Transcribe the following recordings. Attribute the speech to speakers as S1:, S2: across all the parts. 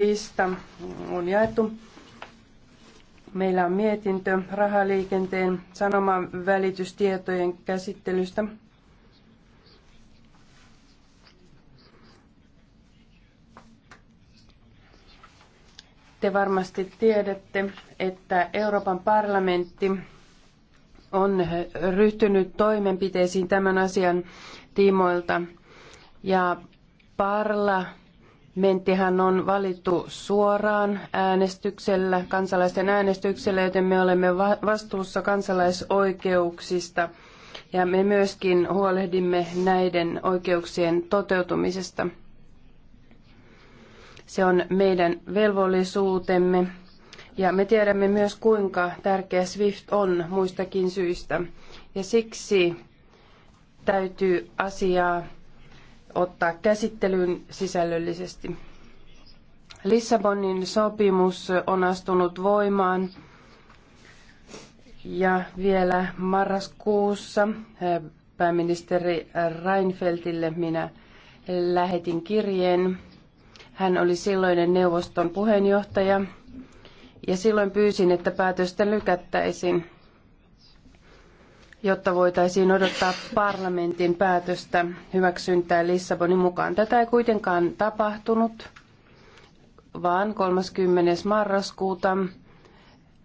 S1: lista on jaettu. Meillä on mietintö rahaliikenteen sanoman välitystietojen käsittelystä. Te varmasti tiedätte, että Euroopan parlamentti on ryhtynyt toimenpiteisiin tämän asian tiimoilta ja parla Menttihän on valittu suoraan äänestyksellä, kansalaisten äänestyksellä, joten me olemme vastuussa kansalaisoikeuksista ja me myöskin huolehdimme näiden oikeuksien toteutumisesta. Se on meidän velvollisuutemme ja me tiedämme myös kuinka tärkeä SWIFT on muistakin syistä ja siksi täytyy asiaa ottaa käsittelyyn sisällöllisesti. Lissabonin sopimus on astunut voimaan ja vielä marraskuussa eh, pääministeri Reinfeldille minä lähetin kirjeen. Hän oli silloinen neuvoston puheenjohtaja ja silloin pyysin, että päätöstä lykättäisiin jotta voitaisiin odottaa parlamentin päätöstä hyväksyntää Lissabonin mukaan. Tätä ei kuitenkaan tapahtunut, vaan 30. marraskuuta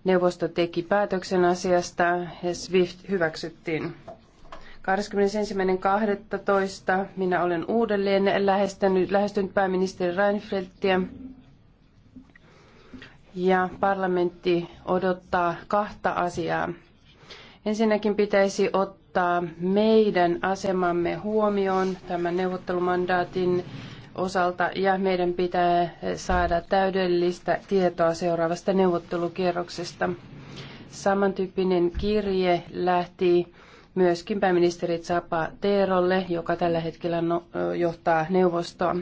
S1: neuvosto teki päätöksen asiasta ja SWIFT hyväksyttiin. 21.12. minä olen uudelleen lähestynyt, lähestynyt pääministeri Reinfeldtiä ja parlamentti odottaa kahta asiaa. Ensinnäkin pitäisi ottaa meidän asemamme huomioon tämän neuvottelumandaatin osalta ja meidän pitää saada täydellistä tietoa seuraavasta neuvottelukierroksesta. Samantyyppinen kirje lähti myöskin pääministeri Zapa Teerolle, joka tällä hetkellä no, johtaa neuvostoa.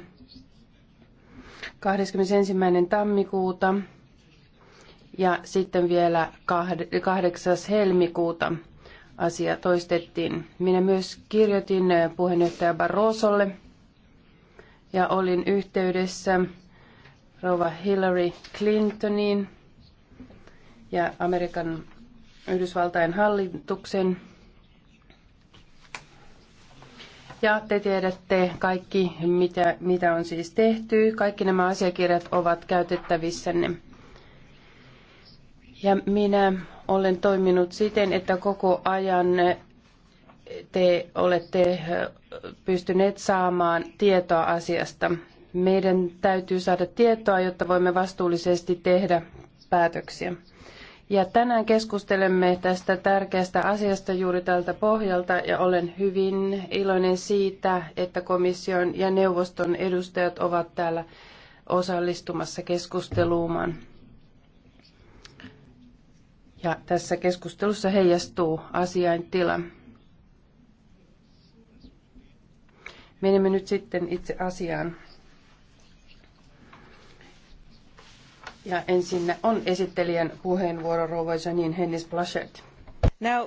S1: 21. tammikuuta ja sitten vielä 8. helmikuuta asia toistettiin. Minä myös kirjoitin äh, puheenjohtaja Barrosolle ja olin yhteydessä rouva Hillary Clintoniin ja Amerikan Yhdysvaltain hallituksen. Ja te tiedätte kaikki, mitä, mitä on siis tehty. Kaikki nämä asiakirjat ovat käytettävissänne. Ja minä olen toiminut siten, että koko ajan te olette pystyneet saamaan tietoa asiasta. Meidän täytyy saada tietoa, jotta voimme vastuullisesti tehdä päätöksiä. Ja tänään keskustelemme tästä tärkeästä asiasta juuri tältä pohjalta ja olen hyvin iloinen siitä, että komission ja neuvoston edustajat ovat täällä osallistumassa keskusteluumaan. Ja tässä keskustelussa heijastuu asiaintila. Menemme nyt sitten itse asiaan. Ja ensin on esittelijän puheenvuoro rouva Janine Hennis Blaschert.
S2: Now,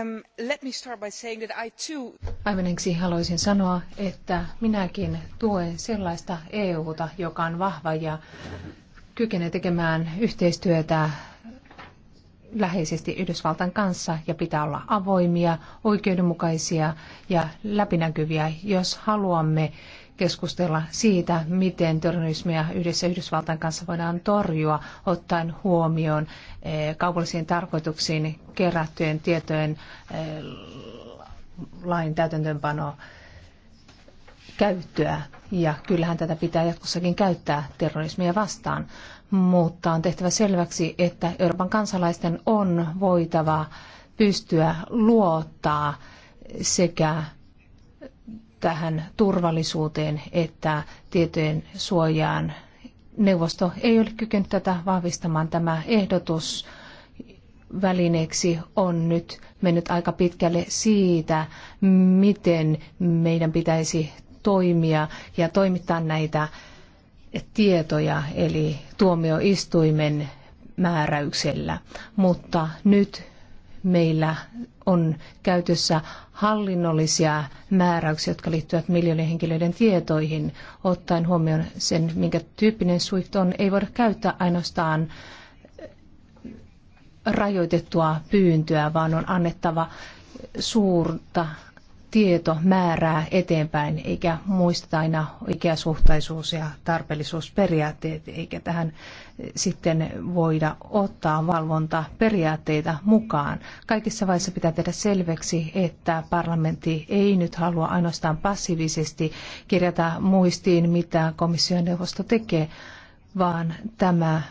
S2: um, let me start by saying that I too... Aivan ensin haluaisin sanoa, että minäkin tuen sellaista EUta, joka on vahva ja kykenee tekemään yhteistyötä läheisesti Yhdysvaltain kanssa ja pitää olla avoimia, oikeudenmukaisia ja läpinäkyviä, jos haluamme keskustella siitä, miten terrorismia yhdessä Yhdysvaltain kanssa voidaan torjua, ottaen huomioon eh, kaupallisiin tarkoituksiin kerättyjen tietojen eh, lain täytäntöönpano käyttöä. Ja kyllähän tätä pitää jatkossakin käyttää terrorismia vastaan mutta on tehtävä selväksi, että Euroopan kansalaisten on voitava pystyä luottaa sekä tähän turvallisuuteen että tietojen suojaan. Neuvosto ei ole kykennyt tätä vahvistamaan. Tämä ehdotus välineeksi on nyt mennyt aika pitkälle siitä, miten meidän pitäisi toimia ja toimittaa näitä tietoja, eli tuomioistuimen määräyksellä. Mutta nyt meillä on käytössä hallinnollisia määräyksiä, jotka liittyvät miljoonien henkilöiden tietoihin, ottaen huomioon sen, minkä tyyppinen SWIFT on. Ei voida käyttää ainoastaan rajoitettua pyyntöä, vaan on annettava suurta tieto määrää eteenpäin, eikä muisteta aina oikeasuhtaisuus- ja tarpeellisuusperiaatteet, eikä tähän sitten voida ottaa valvontaperiaatteita mukaan. Kaikissa vaiheissa pitää tehdä selväksi, että parlamentti ei nyt halua ainoastaan passiivisesti kirjata muistiin, mitä komission neuvosto tekee, vaan tämä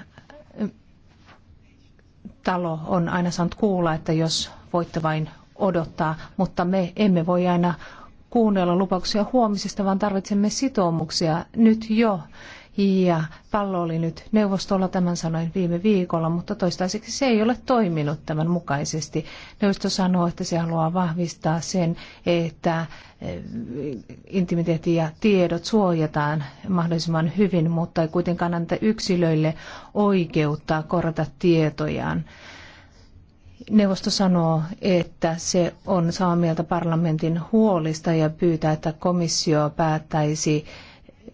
S2: talo on aina saanut kuulla, että jos voitte vain odottaa, mutta me emme voi aina kuunnella lupauksia huomisesta, vaan tarvitsemme sitoumuksia nyt jo. Ja pallo oli nyt neuvostolla, tämän sanoin viime viikolla, mutta toistaiseksi se ei ole toiminut tämän mukaisesti. Neuvosto sanoo, että se haluaa vahvistaa sen, että eh, intimiteetti ja tiedot suojataan mahdollisimman hyvin, mutta ei kuitenkaan anta yksilöille oikeutta korjata tietojaan. Neuvosto sanoo, että se on samaa mieltä parlamentin huolista ja pyytää, että komissio päättäisi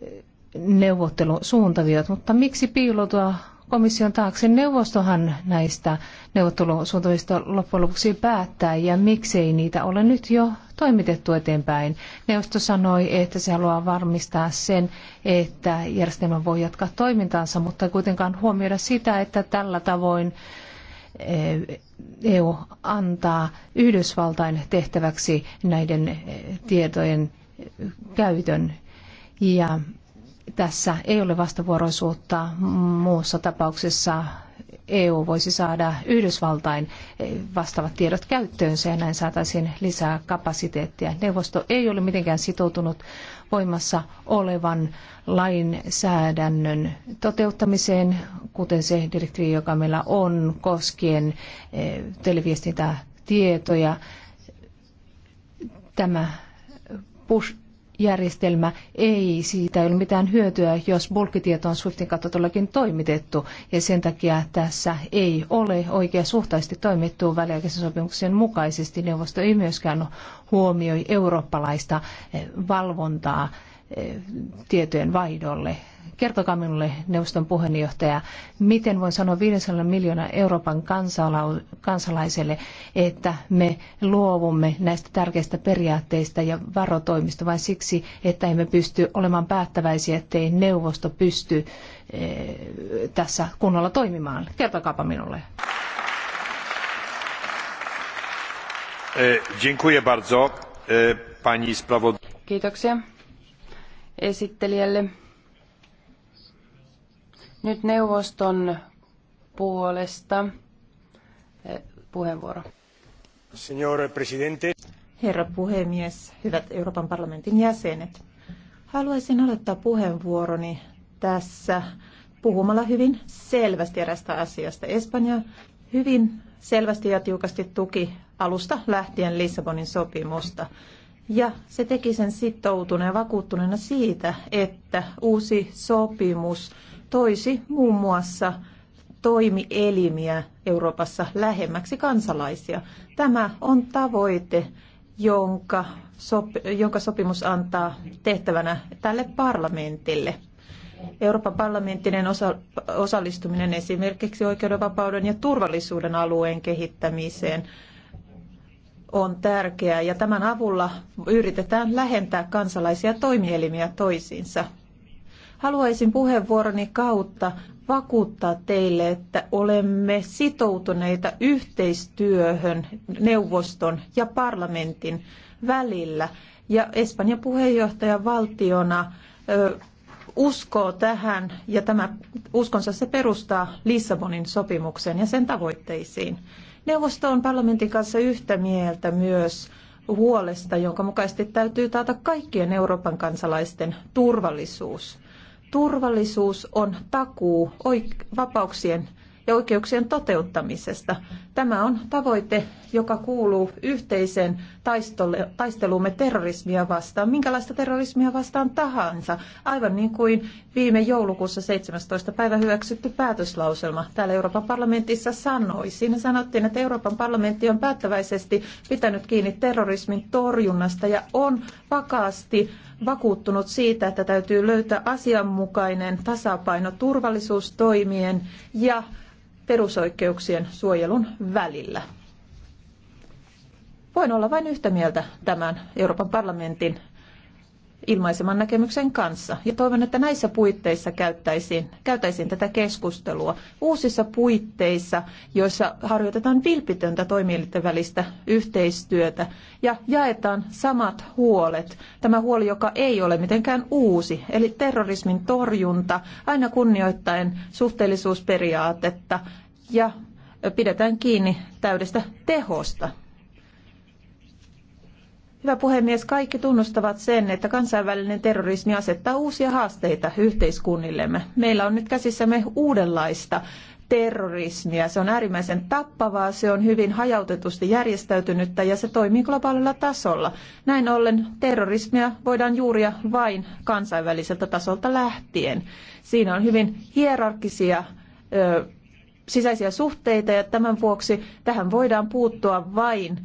S2: eh, neuvottelusuuntaviot, mutta miksi piiloutua komission taakse? Neuvostohan näistä neuvottelusuuntavista loppujen lopuksi päättää ja miksei niitä ole nyt jo toimitettu eteenpäin. Neuvosto sanoi, että se haluaa varmistaa sen, että järjestelmä voi jatkaa toimintaansa, mutta ei kuitenkaan huomioida sitä, että tällä tavoin EU eh, e antaa Yhdysvaltain tehtäväksi näiden eh, tietojen eh, käytön. Ja tässä ei ole vastavuoroisuutta. Muussa tapauksessa EU voisi saada Yhdysvaltain vastaavat tiedot käyttöönsä ja näin saataisiin lisää kapasiteettia. Neuvosto ei ole mitenkään sitoutunut voimassa olevan lainsäädännön toteuttamiseen, kuten se direktiivi, joka meillä on koskien eh, televiestintätietoja. Tämä push järjestelmä ei, siitä ei ole mitään hyötyä, jos bulkkitieto on Swiftin kautta todellakin toimitettu. Ja sen takia tässä ei ole oikeasuhtaisesti toimittu väliaikaisen sopimuksen mukaisesti. Neuvosto ei myöskään huomioi eurooppalaista eh, valvontaa eh, tietojen vaihdolle kertokaa minulle, neuvoston puheenjohtaja, miten voin sanoa 500 miljoonaa Euroopan kansalaiselle, että me luovumme näistä tärkeistä periaatteista ja varotoimista vain siksi, että emme pysty olemaan päättäväisiä, ettei neuvosto pysty eh, tässä kunnolla toimimaan. Kertokaapa minulle.
S3: E, e, pani
S1: Kiitoksia esittelijälle. Nyt neuvoston puolesta eh, puheenvuoro.
S4: Signore presidente.
S1: Herra puhemies, hyvät Euroopan parlamentin
S4: jäsenet. Haluaisin aloittaa puheenvuoroni tässä puhumalla hyvin selvästi erästä asiasta. Espanja hyvin selvästi ja tiukasti tuki alusta lähtien Lissabonin sopimusta. Ja se teki sen sitoutuneen ja vakuuttuneena siitä, että uusi sopimus toisi muun muassa toimielimiä Euroopassa lähemmäksi kansalaisia. Tämä on tavoite, jonka, sop, jonka sopimus antaa tehtävänä tälle parlamentille. Euroopan parlamenttinen osa, osallistuminen esimerkiksi oikeudenvapauden ja turvallisuuden alueen kehittämiseen on tärkeää ja tämän avulla yritetään lähentää kansalaisia toimielimiä toisiinsa. Haluaisin puheenvuoroni kautta vakuuttaa teille, että olemme sitoutuneita yhteistyöhön neuvoston ja parlamentin välillä. Ja Espanjan puheenjohtajavaltiona ö, uskoo tähän ja tämä uskonsa se perustaa Lissabonin sopimukseen ja sen tavoitteisiin. Neuvosto on parlamentin kanssa yhtä mieltä myös huolesta, jonka mukaisesti täytyy taata kaikkien Euroopan kansalaisten turvallisuus. Turvallisuus on takuu vapauksien ja oikeuksien toteuttamisesta. Tämä on tavoite, joka kuuluu yhteiseen taisteluumme terrorismia vastaan, minkälaista terrorismia vastaan tahansa, aivan niin kuin viime joulukuussa 17. päivä hyväksytty päätöslauselma täällä Euroopan parlamentissa sanoi. Siinä sanottiin, että Euroopan parlamentti on päättäväisesti pitänyt kiinni terrorismin torjunnasta ja on vakaasti vakuuttunut siitä, että täytyy löytää asianmukainen tasapaino turvallisuustoimien ja perusoikeuksien suojelun välillä. Voin olla vain yhtä mieltä tämän Euroopan parlamentin ilmaiseman näkemyksen kanssa. Ja toivon, että näissä puitteissa käyttäisiin, käytäisiin tätä keskustelua uusissa puitteissa, joissa harjoitetaan vilpitöntä toimielinten välistä yhteistyötä ja jaetaan samat huolet. Tämä huoli, joka ei ole mitenkään uusi, eli terrorismin torjunta, aina kunnioittaen suhteellisuusperiaatetta ja pidetään kiinni täydestä tehosta. Hyvä puhemies, kaikki tunnustavat sen, että kansainvälinen terrorismi asettaa uusia haasteita yhteiskunnillemme. Meillä on nyt käsissämme uudenlaista terrorismia. Se on äärimmäisen tappavaa, se on hyvin hajautetusti järjestäytynyttä ja se toimii globaalilla tasolla. Näin ollen terrorismia voidaan juuria vain kansainväliseltä tasolta lähtien. Siinä on hyvin hierarkisia ö, sisäisiä suhteita ja tämän vuoksi tähän voidaan puuttua vain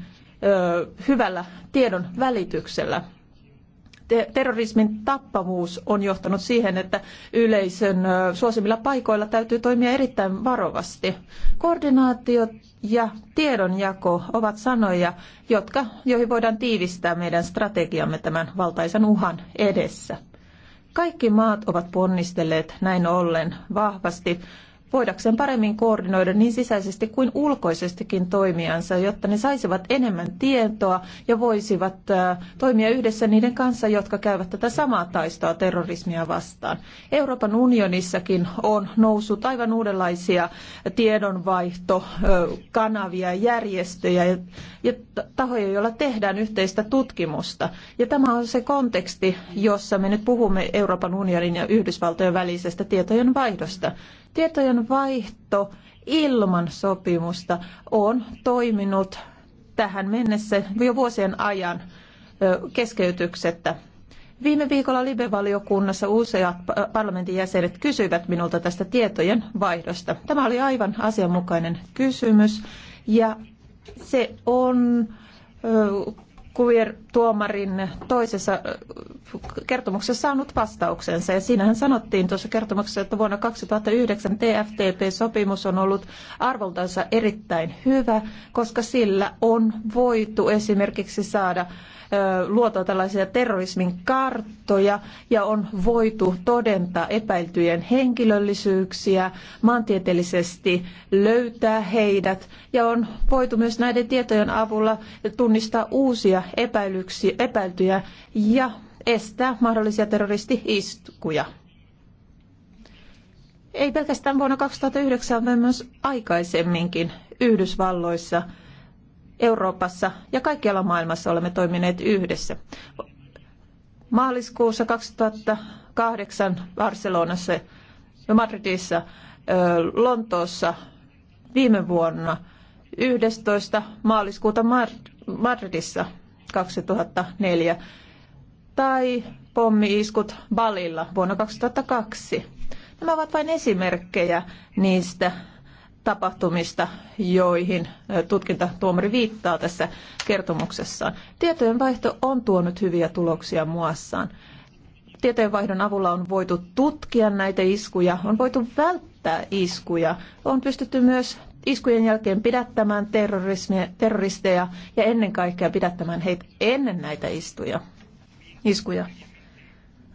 S4: hyvällä tiedon välityksellä. Terrorismin tappavuus on johtanut siihen, että yleisön suosimilla paikoilla täytyy toimia erittäin varovasti. Koordinaatio ja tiedonjako ovat sanoja, jotka, joihin voidaan tiivistää meidän strategiamme tämän valtaisen uhan edessä. Kaikki maat ovat ponnistelleet näin ollen vahvasti voidakseen paremmin koordinoida niin sisäisesti kuin ulkoisestikin toimijansa, jotta ne saisivat enemmän tietoa ja voisivat toimia yhdessä niiden kanssa, jotka käyvät tätä samaa taistoa terrorismia vastaan. Euroopan unionissakin on noussut aivan uudenlaisia tiedonvaihtokanavia, järjestöjä ja tahoja, joilla tehdään yhteistä tutkimusta. Ja tämä on se konteksti, jossa me nyt puhumme Euroopan unionin ja Yhdysvaltojen välisestä tietojen vaihdosta. Tietojen vaihto ilman sopimusta on toiminut tähän mennessä jo vuosien ajan keskeytyksettä. Viime viikolla Libe-valiokunnassa useat parlamentin jäsenet kysyivät minulta tästä tietojen vaihdosta. Tämä oli aivan asianmukainen kysymys ja se on queer-tuomarin toisessa äh, kertomuksessa saanut vastauksensa. Ja siinähän sanottiin tuossa kertomuksessa, että vuonna 2009 TFTP-sopimus on ollut arvoltansa erittäin hyvä, koska sillä on voitu esimerkiksi saada luotua tällaisia terrorismin karttoja ja on voitu todentaa epäiltyjen henkilöllisyyksiä, maantieteellisesti löytää heidät ja on voitu myös näiden tietojen avulla tunnistaa uusia epäiltyjä ja estää mahdollisia terroristi-iskuja. Ei pelkästään vuonna 2009, vaan myös aikaisemminkin Yhdysvalloissa – Euroopassa ja kaikkialla maailmassa olemme toimineet yhdessä. Maaliskuussa 2008 Barcelonassa ja Madridissa, Lontoossa viime vuonna 11. maaliskuuta Madridissa 2004 tai pommi-iskut Balilla vuonna 2002. Nämä ovat vain esimerkkejä niistä tapahtumista, joihin tutkintatuomari viittaa tässä kertomuksessaan. Tietojenvaihto on tuonut hyviä tuloksia muassaan. Tietojenvaihdon avulla on voitu tutkia näitä iskuja, on voitu välttää iskuja, on pystytty myös iskujen jälkeen pidättämään terroristeja ja ennen kaikkea pidättämään heitä ennen näitä istuja, iskuja.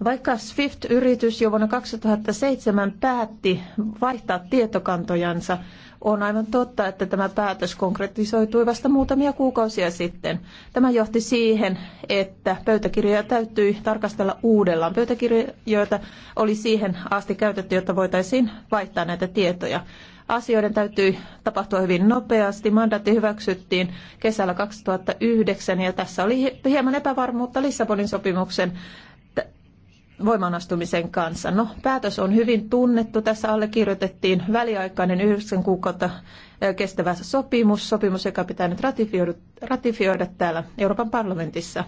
S4: Vaikka Swift-yritys jo vuonna 2007 päätti vaihtaa tietokantojansa, on aivan totta, että tämä päätös konkretisoitui vasta muutamia kuukausia sitten. Tämä johti siihen, että pöytäkirjoja täytyi tarkastella uudellaan. Pöytäkirjoja oli siihen asti käytetty, jotta voitaisiin vaihtaa näitä tietoja. Asioiden täytyy tapahtua hyvin nopeasti. Mandaatti hyväksyttiin kesällä 2009 ja tässä oli hieman epävarmuutta Lissabonin sopimuksen voimaanastumisen kanssa. No, päätös on hyvin tunnettu. Tässä allekirjoitettiin väliaikainen yhdeksän kuukautta kestävä sopimus, sopimus, joka pitää nyt ratifioida, ratifioida täällä Euroopan parlamentissa.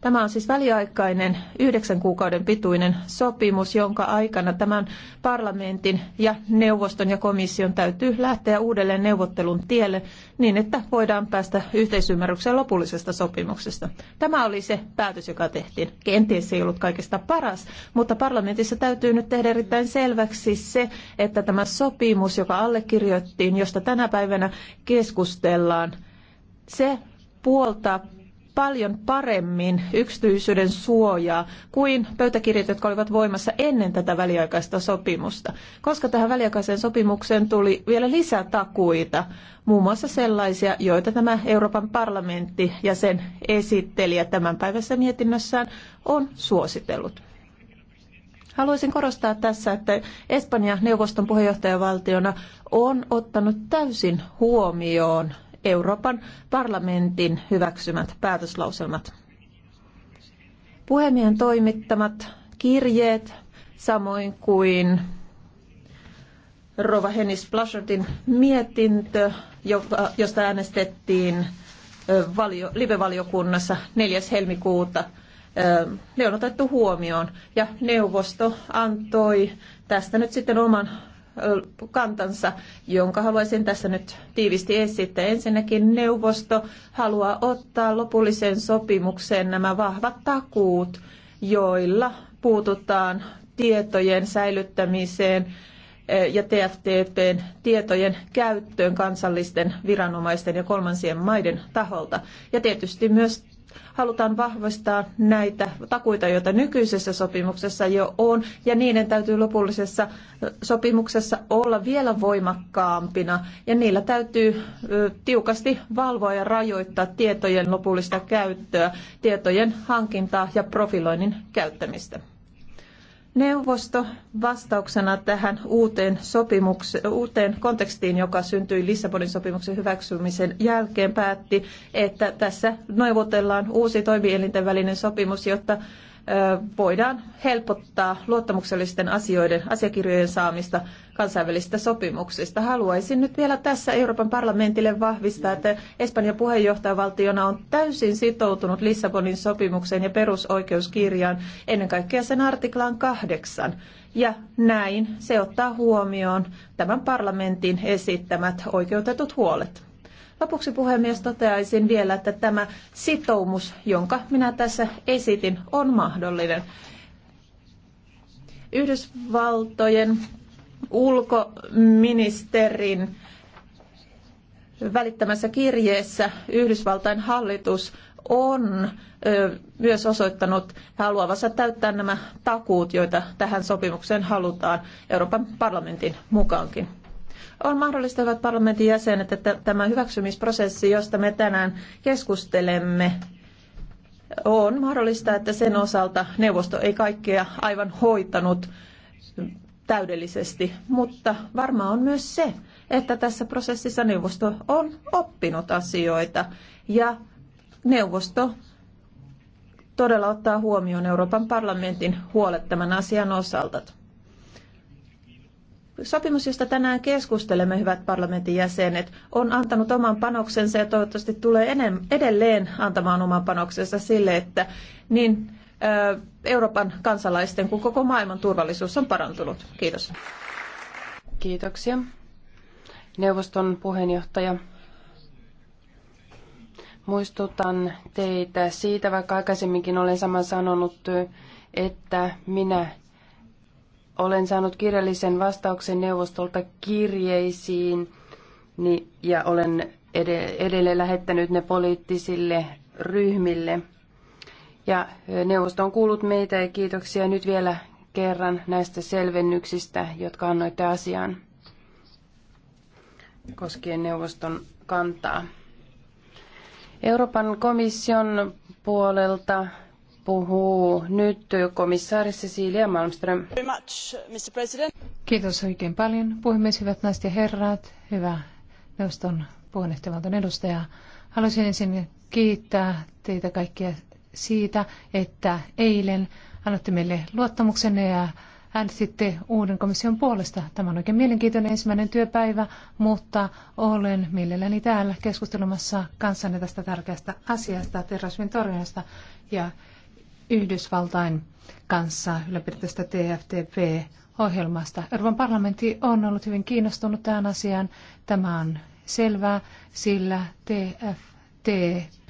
S4: Tämä on siis väliaikainen yhdeksän kuukauden pituinen sopimus, jonka aikana tämän parlamentin ja neuvoston ja komission täytyy lähteä uudelleen neuvottelun tielle niin, että voidaan päästä yhteisymmärrykseen lopullisesta sopimuksesta. Tämä oli se päätös, joka tehtiin. Kenties ei ollut kaikista paras, mutta parlamentissa täytyy nyt tehdä erittäin selväksi se, että tämä sopimus, joka allekirjoittiin, josta tänä päivänä keskustellaan, se puoltaa paljon paremmin yksityisyyden suojaa kuin pöytäkirjat, jotka olivat voimassa ennen tätä väliaikaista sopimusta, koska tähän väliaikaiseen sopimukseen tuli vielä lisätakuita, muun muassa sellaisia, joita tämä Euroopan parlamentti ja sen esittelijä tämän päivässä mietinnössään on suositellut. Haluaisin korostaa tässä, että Espanja neuvoston puheenjohtajavaltiona on ottanut täysin huomioon Euroopan parlamentin hyväksymät päätöslauselmat. Puhemiehen toimittamat kirjeet, samoin kuin Rova Hennis Plashertin mietintö, josta äänestettiin valio, live-valiokunnassa 4. helmikuuta. Ne on otettu huomioon ja neuvosto antoi tästä nyt sitten oman kantansa, jonka haluaisin tässä nyt tiivisti esittää. Ensinnäkin neuvosto haluaa ottaa lopulliseen sopimukseen nämä vahvat takuut, joilla puututaan tietojen säilyttämiseen ja TFTPn tietojen käyttöön kansallisten viranomaisten ja kolmansien maiden taholta. Ja tietysti myös halutaan vahvistaa näitä takuita, joita nykyisessä sopimuksessa jo on, ja niiden täytyy lopullisessa sopimuksessa olla vielä voimakkaampina, ja niillä täytyy tiukasti valvoa ja rajoittaa tietojen lopullista käyttöä, tietojen hankintaa ja profiloinnin käyttämistä. Neuvosto vastauksena tähän uuteen, uuteen kontekstiin, joka syntyi Lissabonin sopimuksen hyväksymisen jälkeen, päätti, että tässä neuvotellaan uusi toimielinten välinen sopimus, jotta voidaan helpottaa luottamuksellisten asioiden asiakirjojen saamista kansainvälisistä sopimuksista. Haluaisin nyt vielä tässä Euroopan parlamentille vahvistaa, että Espanjan puheenjohtajavaltiona on täysin sitoutunut Lissabonin sopimukseen ja perusoikeuskirjaan, ennen kaikkea sen artiklaan kahdeksan. Ja näin se ottaa huomioon tämän parlamentin esittämät oikeutetut huolet. Lopuksi puhemies toteaisin vielä, että tämä sitoumus, jonka minä tässä esitin, on mahdollinen. Yhdysvaltojen ulkoministerin välittämässä kirjeessä Yhdysvaltain hallitus on myös osoittanut haluavansa täyttää nämä takuut, joita tähän sopimukseen halutaan Euroopan parlamentin mukaankin on mahdollista, hyvät parlamentin jäsenet, että tämä hyväksymisprosessi, josta me tänään keskustelemme, on mahdollista, että sen osalta neuvosto ei kaikkea aivan hoitanut täydellisesti, mutta varmaan on myös se, että tässä prosessissa neuvosto on oppinut asioita ja neuvosto todella ottaa huomioon Euroopan parlamentin huolet tämän asian osalta. Sopimus, josta tänään keskustelemme, hyvät parlamentin jäsenet, on antanut oman panoksensa ja toivottavasti tulee edelleen antamaan oman panoksensa sille, että niin Euroopan kansalaisten kuin koko maailman turvallisuus on parantunut. Kiitos.
S1: Kiitoksia. Neuvoston puheenjohtaja. Muistutan teitä siitä, vaikka aikaisemminkin olen saman sanonut, että minä olen saanut kirjallisen vastauksen neuvostolta kirjeisiin ja olen edelleen lähettänyt ne poliittisille ryhmille. Ja neuvosto on kuullut meitä ja kiitoksia nyt vielä kerran näistä selvennyksistä, jotka annoitte asiaan koskien neuvoston kantaa. Euroopan komission puolelta puhuu nyt komissaari Cecilia Malmström.
S2: Kiitos oikein paljon, puhemies, hyvät naiset ja herrat, hyvä neuvoston puheenjohtajavaltion edustaja. Haluaisin ensin kiittää teitä kaikkia siitä, että eilen annatte meille luottamuksenne ja äänestitte uuden komission puolesta. Tämä on oikein mielenkiintoinen ensimmäinen työpäivä, mutta olen mielelläni täällä keskustelemassa kanssanne tästä tärkeästä asiasta, terrorismin torjunnasta. Ja Yhdysvaltain kanssa ylläpidettävästä TFTP-ohjelmasta. Euroopan parlamentti on ollut hyvin kiinnostunut tähän asiaan. Tämä on selvää, sillä TFTP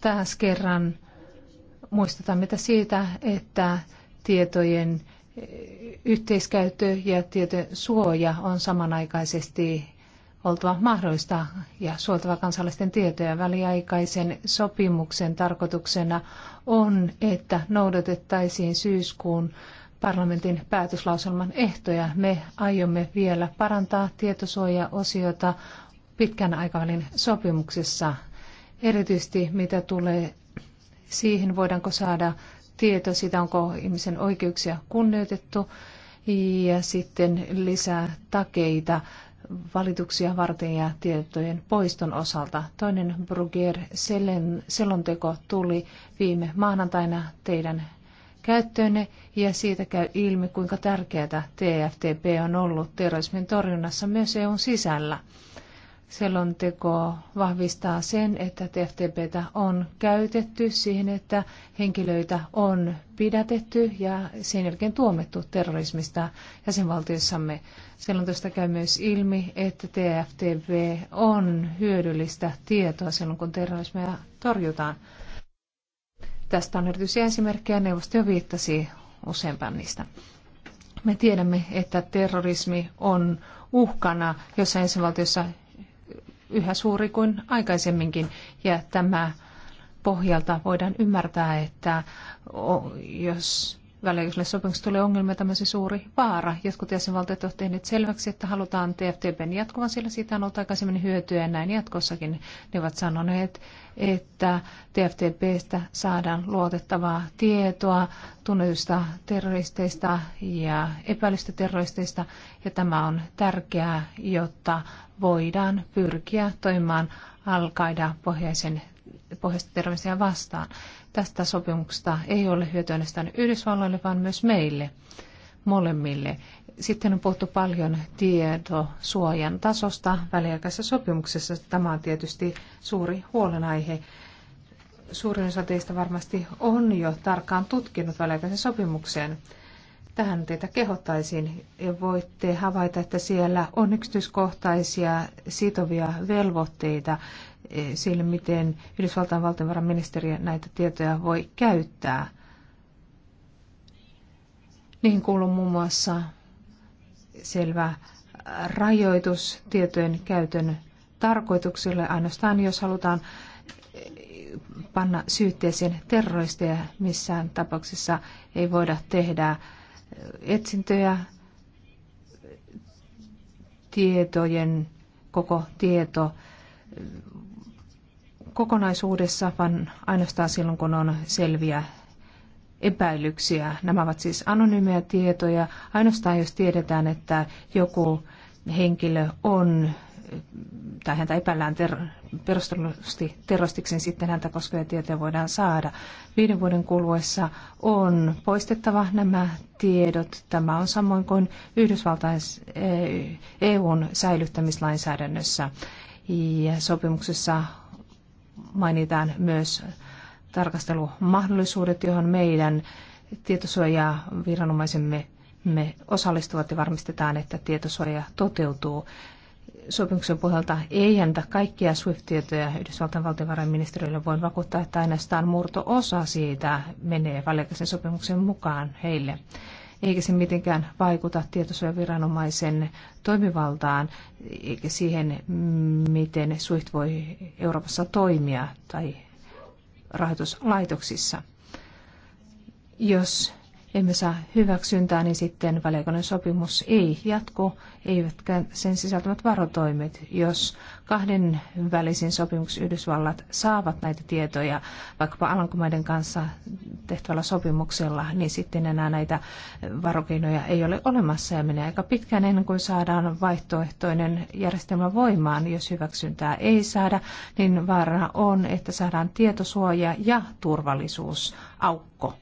S2: taas kerran muistetaan, mitä siitä, että tietojen yhteiskäyttö ja tietosuoja on samanaikaisesti oltava mahdollista ja suotava kansalaisten tietoja. Väliaikaisen sopimuksen tarkoituksena on, että noudatettaisiin syyskuun parlamentin päätöslauselman ehtoja. Me aiomme vielä parantaa tietosuojaosiota pitkän aikavälin sopimuksessa, erityisesti mitä tulee siihen, voidaanko saada tieto siitä, onko ihmisen oikeuksia kunnioitettu, ja sitten lisää takeita valituksia varten ja tietojen poiston osalta. Toinen Bruger selonteko tuli viime maanantaina teidän käyttöönne ja siitä käy ilmi, kuinka tärkeää TFTP on ollut terrorismin torjunnassa myös EUn sisällä selonteko vahvistaa sen, että TFTPtä on käytetty siihen, että henkilöitä on pidätetty ja sen jälkeen tuomittu terrorismista jäsenvaltiossamme. Selonteosta käy myös ilmi, että TFTP on hyödyllistä tietoa silloin, kun terrorismia torjutaan. Tästä on erityisiä esimerkkejä, neuvosto jo viittasi useampaan niistä. Me tiedämme, että terrorismi on uhkana jossain ensivaltiossa yhä suuri kuin aikaisemminkin. Ja tämä pohjalta voidaan ymmärtää, että jos väliaikaiselle sopimukselle tulee ongelmia tämmöisen suuri vaara. Jotkut jäsenvaltiot ovat tehneet selväksi, että halutaan TFTPn jatkuvan, sillä siitä on ollut aikaisemmin hyötyä ja näin jatkossakin. Ne ovat sanoneet, että TFTPstä saadaan luotettavaa tietoa tunnetuista terroristeista ja epäilystä terroristeista ja tämä on tärkeää, jotta voidaan pyrkiä toimimaan al pohjaisen pohjoista terveisiä vastaan. Tästä sopimuksesta ei ole hyötyä ainoastaan Yhdysvalloille, vaan myös meille molemmille. Sitten on puhuttu paljon tietosuojan tasosta väliaikaisessa sopimuksessa. Tämä on tietysti suuri huolenaihe. Suurin osa teistä varmasti on jo tarkkaan tutkinut väliaikaisen sopimukseen. Tähän teitä kehottaisin. Voitte havaita, että siellä on yksityiskohtaisia sitovia velvoitteita sille, miten Yhdysvaltain valtiovarainministeriö näitä tietoja voi käyttää. Niihin kuuluu muun muassa selvä rajoitus tietojen käytön tarkoituksille, ainoastaan jos halutaan panna syytteeseen terroristeja, missään tapauksessa ei voida tehdä etsintöjä tietojen, koko tieto kokonaisuudessa, vaan ainoastaan silloin, kun on selviä epäilyksiä. Nämä ovat siis anonyymiä tietoja. Ainoastaan jos tiedetään, että joku henkilö on tai häntä epäillään ter- perustellusti terroristiksi, niin sitten häntä koskevia tietoja voidaan saada. Viiden vuoden kuluessa on poistettava nämä tiedot. Tämä on samoin kuin Yhdysvaltain eh, e EUn säilyttämislainsäädännössä ja sopimuksessa mainitaan myös tarkastelumahdollisuudet, johon meidän tietosuojaviranomaisemme viranomaisemme me osallistuvat ja varmistetaan, että tietosuoja toteutuu. Sopimuksen pohjalta ei anta kaikkia SWIFT-tietoja Yhdysvaltain valtiovarainministeriölle. Voin vakuuttaa, että ainoastaan murto-osa siitä menee valiokaisen sopimuksen mukaan heille eikä se mitenkään vaikuta tietosuojaviranomaisen toimivaltaan, eikä siihen, miten SWIFT voi Euroopassa toimia tai rahoituslaitoksissa. Jos emme saa hyväksyntää, niin sitten valiokunnan sopimus ei jatku, eivätkä sen sisältämät varotoimet. Jos kahden välisin sopimus Yhdysvallat saavat näitä tietoja vaikkapa Alankomaiden kanssa tehtävällä sopimuksella, niin sitten enää näitä varokeinoja ei ole olemassa ja menee aika pitkään ennen kuin saadaan vaihtoehtoinen järjestelmä voimaan. Jos hyväksyntää ei saada, niin vaarana on, että saadaan tietosuoja ja turvallisuusaukko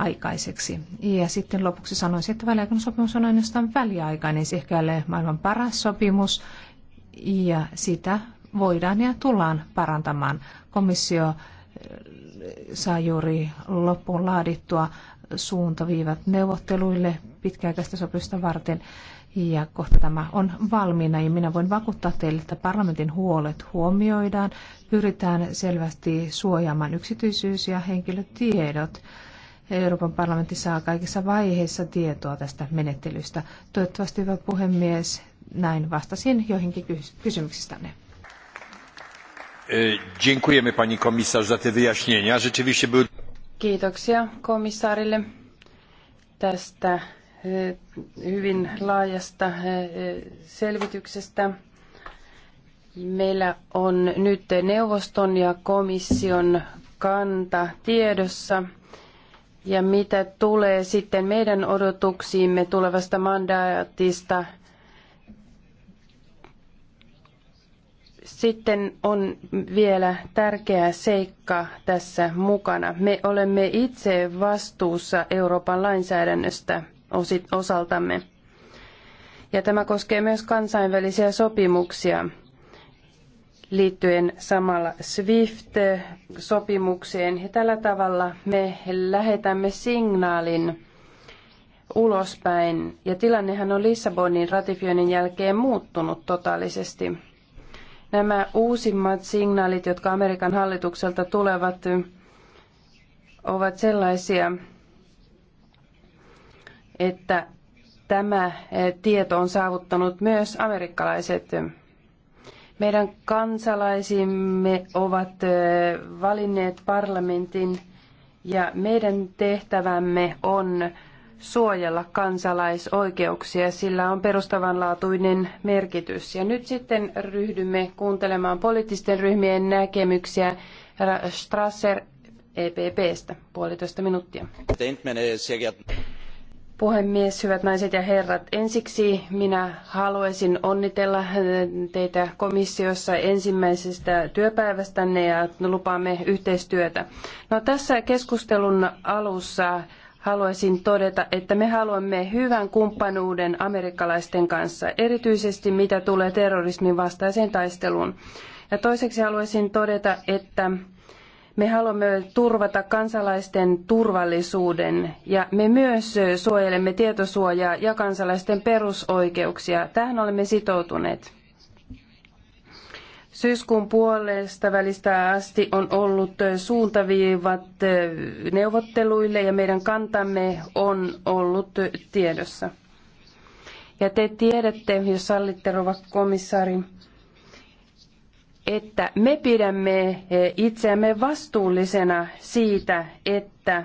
S2: aikaiseksi. Ja sitten lopuksi sanoisin, että väliaikainen sopimus on ainoastaan väliaikainen, se ehkä ole maailman paras sopimus, ja sitä voidaan ja tullaan parantamaan. Komissio eh, saa juuri loppuun laadittua suuntaviivat neuvotteluille pitkäaikaista sopimusta varten. Ja kohta tämä on valmiina ja minä voin vakuuttaa teille, että parlamentin huolet huomioidaan. Pyritään selvästi suojaamaan yksityisyys ja henkilötiedot Euroopan parlamentti saa kaikissa vaiheissa tietoa tästä menettelystä. Toivottavasti, hyvä puhemies, näin vastasin joihinkin kysymyksistänne.
S3: E, dziękujemy pani komisarz za te wyjaśnienia. Rzeczywiście
S1: Kiitoksia komissaarille tästä e, hyvin laajasta e, selvityksestä. Meillä on nyt neuvoston ja komission kanta tiedossa. Ja mitä tulee sitten meidän odotuksiimme tulevasta mandaatista, sitten on vielä tärkeä seikka tässä mukana. Me olemme itse vastuussa Euroopan lainsäädännöstä osaltamme. Ja tämä koskee myös kansainvälisiä sopimuksia liittyen samalla SWIFT-sopimukseen. Ja tällä tavalla me lähetämme signaalin ulospäin. Ja tilannehan on Lissabonin ratifioinnin jälkeen muuttunut totaalisesti. Nämä uusimmat signaalit, jotka Amerikan hallitukselta tulevat, ovat sellaisia, että tämä tieto on saavuttanut myös amerikkalaiset meidän kansalaisimme ovat valinneet parlamentin ja meidän tehtävämme on suojella kansalaisoikeuksia, sillä on perustavanlaatuinen merkitys. Ja nyt sitten ryhdymme kuuntelemaan poliittisten ryhmien näkemyksiä Strasser EPPstä puolitoista minuuttia puhemies, hyvät naiset ja herrat. Ensiksi minä haluaisin onnitella teitä komissiossa ensimmäisestä työpäivästänne ja lupaamme yhteistyötä. No, tässä keskustelun alussa haluaisin todeta, että me haluamme hyvän kumppanuuden amerikkalaisten kanssa, erityisesti mitä tulee terrorismin vastaiseen taisteluun. Ja toiseksi haluaisin todeta, että me haluamme turvata kansalaisten turvallisuuden ja me myös suojelemme tietosuojaa ja kansalaisten perusoikeuksia. Tähän olemme sitoutuneet. Syyskuun puolesta välistä asti on ollut suuntaviivat neuvotteluille ja meidän kantamme on ollut tiedossa. Ja te tiedätte, jos sallitte, rouva komissaari, että me pidämme eh, itseämme vastuullisena siitä, että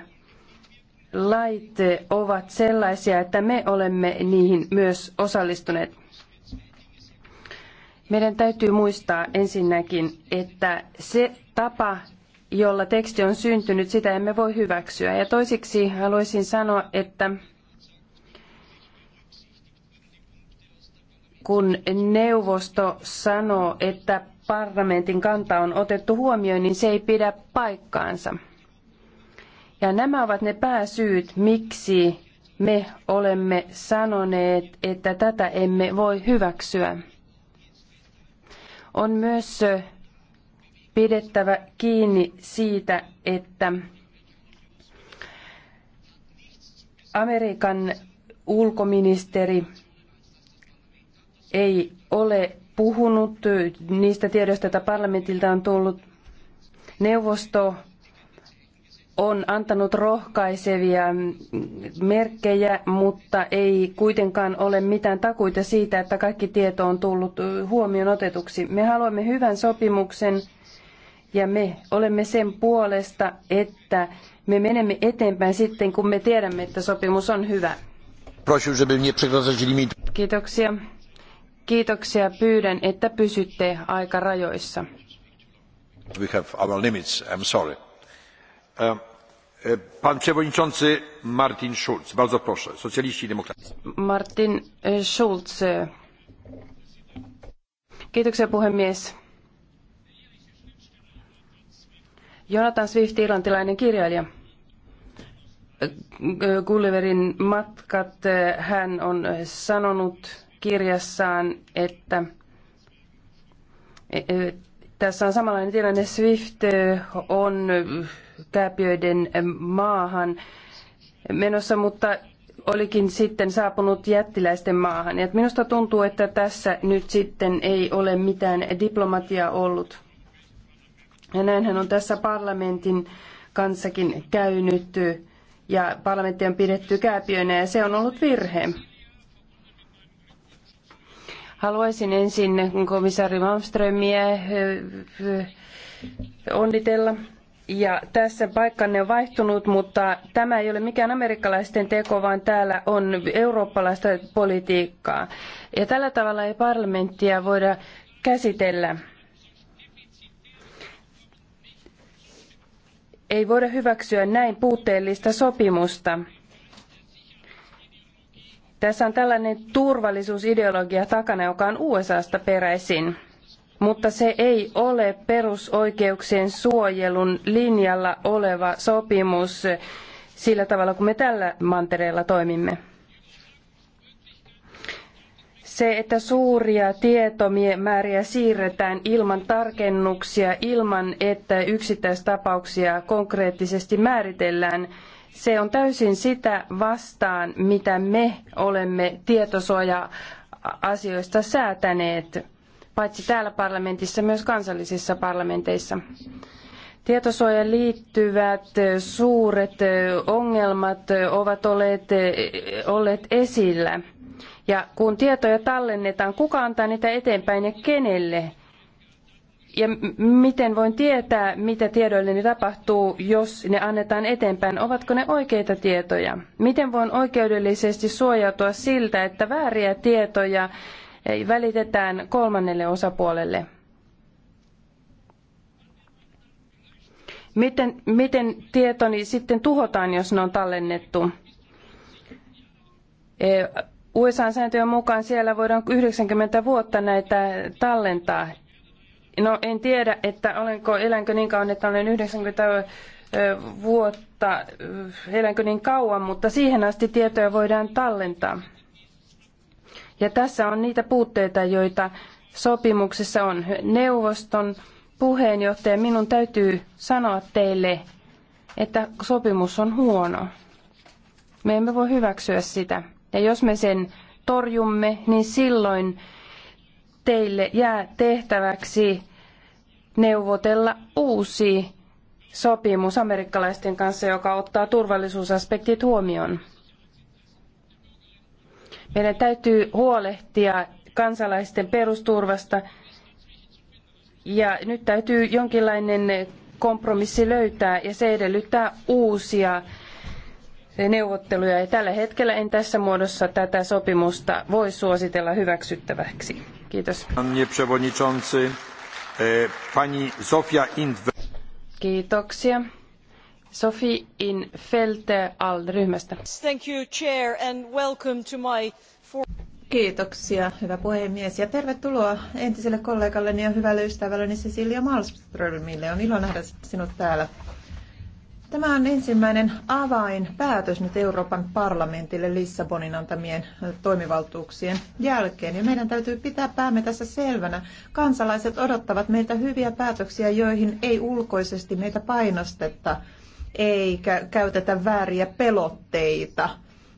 S1: lait eh, ovat sellaisia, että me olemme niihin myös osallistuneet. Meidän täytyy muistaa ensinnäkin, että se tapa, jolla teksti on syntynyt, sitä emme voi hyväksyä. Ja toiseksi haluaisin sanoa, että kun neuvosto sanoo, että parlamentin kanta on otettu huomioon, niin se ei pidä paikkaansa. Ja nämä ovat ne pääsyyt, miksi me olemme sanoneet, että tätä emme voi hyväksyä. On myös pidettävä kiinni siitä, että Amerikan ulkoministeri ei ole puhunut niistä tiedoista, joita parlamentilta on tullut. Neuvosto on antanut rohkaisevia merkkejä, mutta ei kuitenkaan ole mitään takuita siitä, että kaikki tieto on tullut huomioon otetuksi. Me haluamme hyvän sopimuksen ja me olemme sen puolesta, että me menemme eteenpäin sitten, kun me tiedämme, että sopimus on hyvä. Kiitoksia. Kiitoksia. Pyydän, että pysytte aikarajoissa.
S3: We have our limits. I'm sorry. Um, e, pan przewodniczący Martin Schulz, bardzo proszę, socjaliści i demokraatit. Martin e, Schulz.
S1: Kiitoksia puhemies. Jonathan Swift, irlantilainen kirjailija. E, Gulliverin matkat, hän on sanonut, kirjassaan, että e, e, tässä on samanlainen tilanne. SWIFT on kääpiöiden maahan menossa, mutta olikin sitten saapunut jättiläisten maahan. Ja minusta tuntuu, että tässä nyt sitten ei ole mitään diplomatiaa ollut. Ja näinhän on tässä parlamentin kanssakin käynyt ja parlamentti on pidetty kääpiönä ja se on ollut virhe. Haluaisin ensin komissaari Malmströmiä eh, eh, onnitella. Ja tässä paikkanne on vaihtunut, mutta tämä ei ole mikään amerikkalaisten teko, vaan täällä on eurooppalaista politiikkaa. Ja tällä tavalla ei parlamenttia voida käsitellä. Ei voida hyväksyä näin puutteellista sopimusta. Tässä on tällainen turvallisuusideologia takana, joka on USAsta peräisin, mutta se ei ole perusoikeuksien suojelun linjalla oleva sopimus sillä tavalla, kuin me tällä mantereella toimimme se, että suuria tietomääriä siirretään ilman tarkennuksia, ilman että yksittäistapauksia konkreettisesti määritellään, se on täysin sitä vastaan, mitä me olemme tietosuoja-asioista säätäneet, paitsi täällä parlamentissa, myös kansallisissa parlamenteissa. Tietosuojan liittyvät suuret ongelmat ovat olleet, olleet esillä. Ja kun tietoja tallennetaan, kuka antaa niitä eteenpäin ja kenelle? ja miten voin tietää, mitä tiedoilleni tapahtuu, jos ne annetaan eteenpäin? Ovatko ne oikeita tietoja? Miten voin oikeudellisesti suojautua siltä, että vääriä tietoja e, välitetään kolmannelle osapuolelle? Miten, miten tietoni sitten tuhotaan, jos ne on tallennettu? E, USAn sääntöjen mukaan siellä voidaan 90 vuotta näitä tallentaa. No en tiedä, että olenko, elänkö niin kauan, että olen 90 vuotta, elänkö niin kauan, mutta siihen asti tietoja voidaan tallentaa. Ja tässä on niitä puutteita, joita sopimuksessa on. Neuvoston puheenjohtaja, minun täytyy sanoa teille, että sopimus on huono. Me emme voi hyväksyä sitä. Ja jos me sen torjumme, niin silloin teille jää tehtäväksi neuvotella uusi sopimus amerikkalaisten kanssa, joka ottaa turvallisuusaspektit huomioon. Meidän täytyy huolehtia kansalaisten perusturvasta ja nyt täytyy jonkinlainen kompromissi löytää ja se edellyttää uusia neuvotteluja ja tällä hetkellä en tässä muodossa tätä sopimusta voi suositella hyväksyttäväksi.
S3: Kiitos. E,
S1: Kiitoksia. Sophie in Felte ryhmästä.
S2: Thank you, chair, and welcome
S1: to my Kiitoksia,
S4: hyvä puhemies, ja tervetuloa entiselle kollegalleni ja hyvälle ystävälleni Cecilia Malmströmille. On ilo nähdä sinut täällä Tämä on ensimmäinen avainpäätös nyt Euroopan parlamentille Lissabonin antamien toimivaltuuksien jälkeen. Ja meidän täytyy pitää päämme tässä selvänä. Kansalaiset odottavat meiltä hyviä päätöksiä, joihin ei ulkoisesti meitä painostetta, eikä käytetä vääriä pelotteita.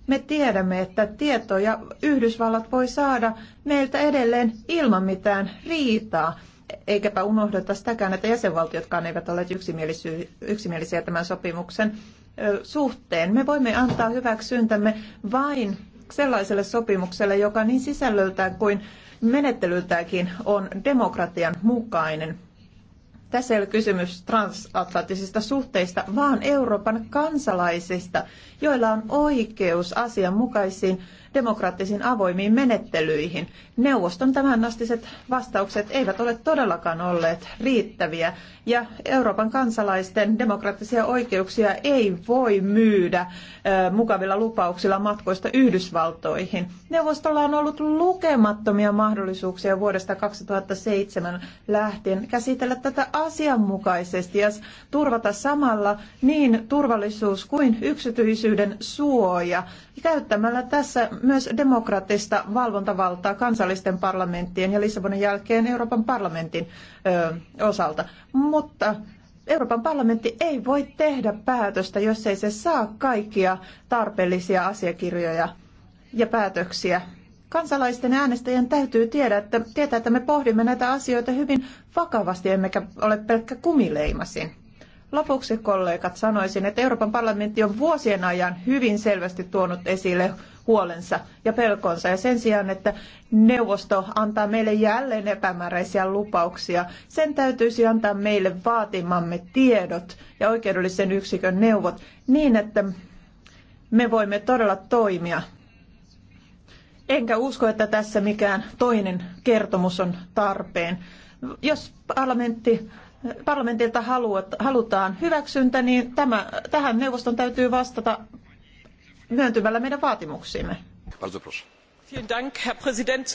S4: Me tiedämme, että tietoja Yhdysvallat voi saada meiltä edelleen ilman mitään riitaa eikäpä unohdeta sitäkään, että jäsenvaltiotkaan eivät ole yksimielisiä tämän sopimuksen suhteen. Me voimme antaa hyväksyntämme vain sellaiselle sopimukselle, joka niin sisällöltään kuin menettelyltäänkin on demokratian mukainen. Tässä ei ole kysymys transatlanttisista suhteista, vaan Euroopan kansalaisista, joilla on oikeus asianmukaisiin demokraattisiin avoimiin menettelyihin. Neuvoston tämänastiset vastaukset eivät ole todellakaan olleet riittäviä ja Euroopan kansalaisten demokraattisia oikeuksia ei voi myydä mukavilla lupauksilla matkoista Yhdysvaltoihin. Neuvostolla on ollut lukemattomia mahdollisuuksia vuodesta 2007 lähtien käsitellä tätä asianmukaisesti ja turvata samalla niin turvallisuus kuin yksityisyyden suoja käyttämällä tässä myös demokraattista valvontavaltaa kansallisten parlamenttien ja Lissabonin jälkeen Euroopan parlamentin osalta. Mutta Euroopan parlamentti ei voi tehdä päätöstä, jos ei se saa kaikkia tarpeellisia asiakirjoja ja päätöksiä. Kansalaisten äänestäjien täytyy tiedä, että, tietää, että me pohdimme näitä asioita hyvin vakavasti, emmekä ole pelkkä kumileimasin. Lopuksi kollegat sanoisin, että Euroopan parlamentti on vuosien ajan hyvin selvästi tuonut esille huolensa ja pelkonsa. Ja sen sijaan, että neuvosto antaa meille jälleen epämääräisiä lupauksia, sen täytyisi antaa meille vaatimamme tiedot ja oikeudellisen yksikön neuvot niin, että me voimme todella toimia. Enkä usko, että tässä mikään toinen kertomus on tarpeen. Jos parlamentti parlamentilta haluat, halutaan hyväksyntä, niin tämä, tähän neuvoston täytyy vastata myöntymällä meidän vaatimuksiimme.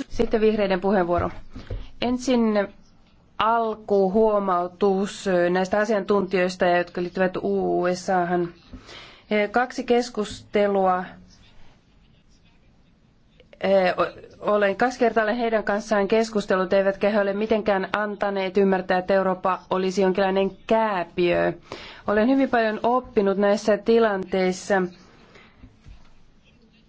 S1: Sitten vihreiden puheenvuoro. Ensin alkuhuomautus näistä asiantuntijoista, jotka liittyvät USAhan. Kaksi keskustelua olen kaksi kertaa olen heidän kanssaan keskustellut, eivätkä he ole mitenkään antaneet ymmärtää, että Eurooppa olisi jonkinlainen kääpiö. Olen hyvin paljon oppinut näissä tilanteissa